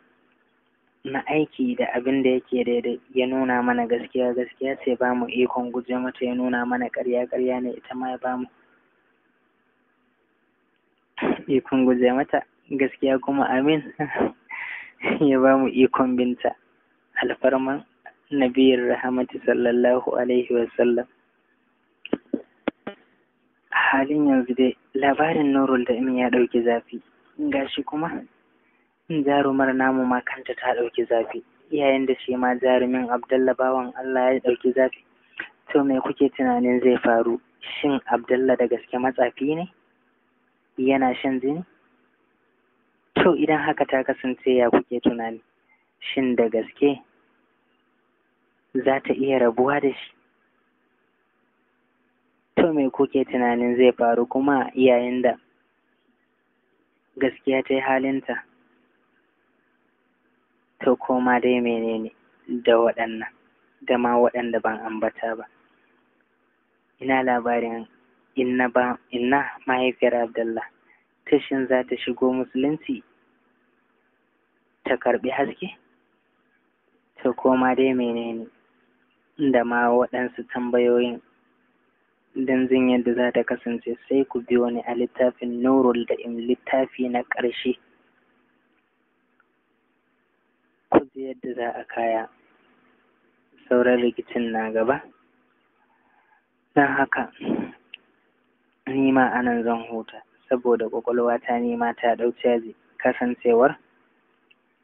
A: na aiki da abin da yake daidai ya nuna mana gaskiya gaskiya sai ba mu ikon guje mata ya nuna mana ƙarya ƙarya ne ita ma ya ba mu ikon guje mata gaskiya kuma amin ya ba mu ikon binta alfarman nabiyar rahamati sallallahu alaihi wasallam a halin yanzu dai labarin Nurul da Imin ya ɗauki zafi ga shi kuma jarumar namu ma kanta ta ɗauki zafi yayin da shi ma jarumin Abdalla bawan Allah ya ɗauki zafi to me kuke tunanin zai faru shin Abdalla da gaske matsafi ne yana shan jini to idan haka ta kasance ya kuke tunani shin da gaske za ta iya rabuwa da shi To me kuke tunanin zai faru kuma yayin da gaskiya ta yi halinta? To koma dai menene da waɗannan, da ma waɗanda ban ambata ba. Ina labarin inna ba inna mahaifiyar Abdullah tashin za ta shigo musulunci ta karɓi haske? To koma dai menene da ma waɗansu tambayoyin don yi yadda za ta kasance sai ku biyo ni a littafin Nurul da in littafi na ƙarshe. Ku ji yadda za a kaya sauran rikicin na gaba. Don haka, ni ma anan zan huta saboda ƙwaƙwalwata ta ma ta ɗau caji kasancewar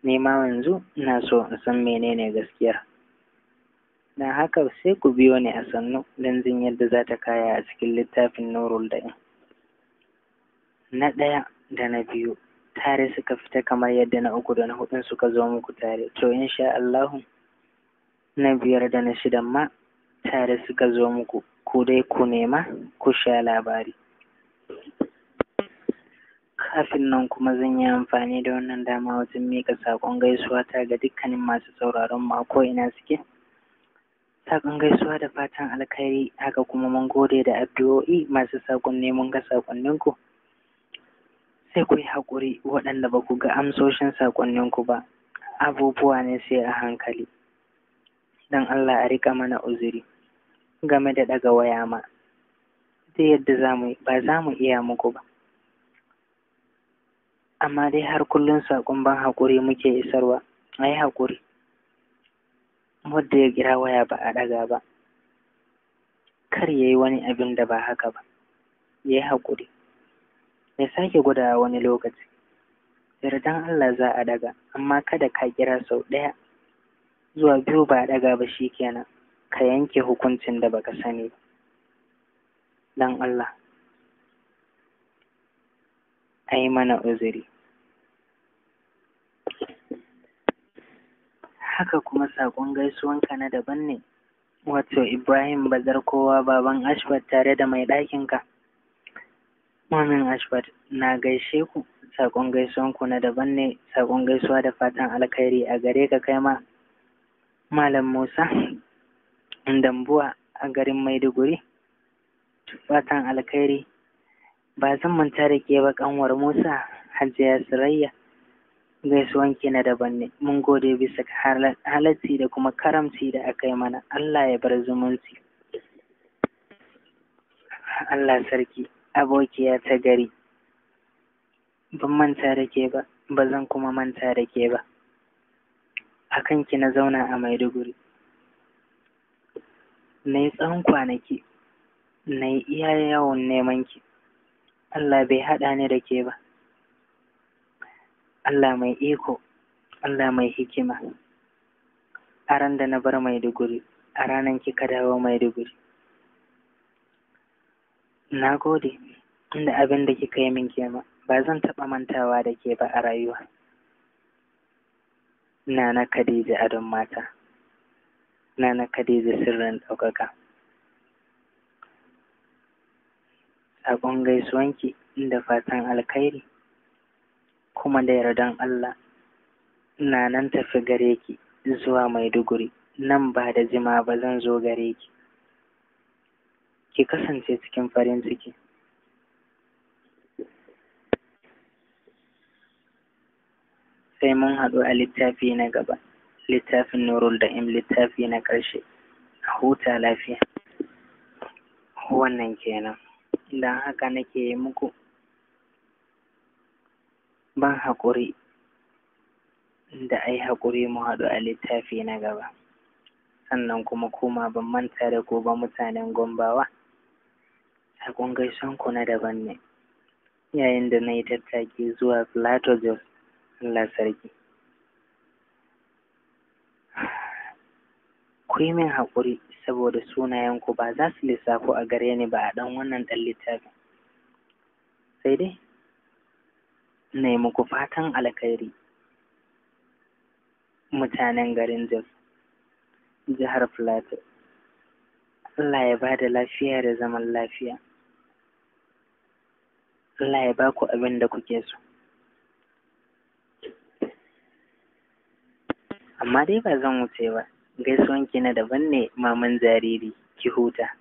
A: nema yanzu ina so in san menene gaskiyar. don haka sai ku biyo ne a sannu don jin yadda za ta kaya a cikin littafin nurul da'in na ɗaya da na biyu tare suka fita kamar yadda na uku da na hudun suka zo muku tare to insha Allahu na biyar da na shidan ma tare suka zo muku ku dai ku nema ku sha labari kafin nan kuma zan yi amfani da wannan dama wajen mika saƙon gaisuwa ta ga dukkanin masu sauraron ma ko ina suke saƙon gaisuwa da fatan alkhairi haka kuma mun gode da addu'o'i masu saƙon neman ga saƙonninku sai ku yi haƙuri waɗanda ba ku ga amsoshin saƙonninku ba abubuwa ne sai a hankali don Allah a riƙa mana uzuri game da ɗaga waya ma ta yadda za mu ba za mu iya muku ba amma dai har kullum saƙon ban haƙuri muke isarwa a yi haƙuri wadda ya kira waya ba a ɗaga ba kar ya yi wani abin da ba haka ba ya yi haƙuri ya sake gwadawa wani lokaci yardan Allah za a ɗaga amma kada ka kira sau ɗaya zuwa biyu ba a ɗaga ba shi kenan ka yanke hukuncin da baka sani ba dan Allah a yi mana uzuri haka kuma saƙon gaisuwanka na daban ne wato ibrahim bazar kowa baban Ashbat tare da mai ɗakinka mamin ashbat na gaishe ku saƙon gaisuwanku na daban ne saƙon gaisuwa da fatan alkhairi a gare ka kai ma malam musa dambuwa a garin maiduguri fatan alkhairi ba zan manta da ke ba kanwar musa hajiya Sirayya. gaisuwan ki na daban ne mun gode bisa halacci da kuma karamci da aka yi mana Allah ya bar zumunci Allah sarki abokiya ta gari ban manta da ke ba ba zan kuma manta da ke ba a kanki na zauna a maiduguri na yi tsawon kwanaki na yi iya yawan neman ki Allah bai haɗa ni da ke ba Allah mai iko Allah mai hikima a ran da na bar Maiduguri a ranan kika dawo Maiduguri na gode tunda abin da kika yi min kema ba zan taɓa mantawa da ke ba a rayuwa Nana Khadija adon mata Nana Khadija sirrin ɗaukaka saƙon gaisuwanki da fatan alkhairi kuma da yardan Allah na nan tafi gare ki zuwa Maiduguri nan ba da jima ba zan zo gare ki ki kasance cikin farin ciki sai mun haɗu a littafi na gaba littafin nurul da im littafi na ƙarshe a huta lafiya wannan kenan don haka nake muku ban haƙuri da ai haƙuri mu haɗu a littafi na gaba sannan kuma koma ban manta da ku ba mutanen gombawa saƙon gaishen ku na daban ne yayin da na yi tattaki zuwa plato jos allah sarki ku yi min haƙuri saboda sunayenku ba za su lissafo a gare ni ba a ɗan wannan ɗan littafin sai dai na muku fatan alkhairi mutanen garin Jos jihar Plateau Allah ya ba da lafiya da zaman lafiya Allah ya ba ku abin da kuke so amma dai ba zan wuce ba gaisuwanki na daban ne maman jariri ki huta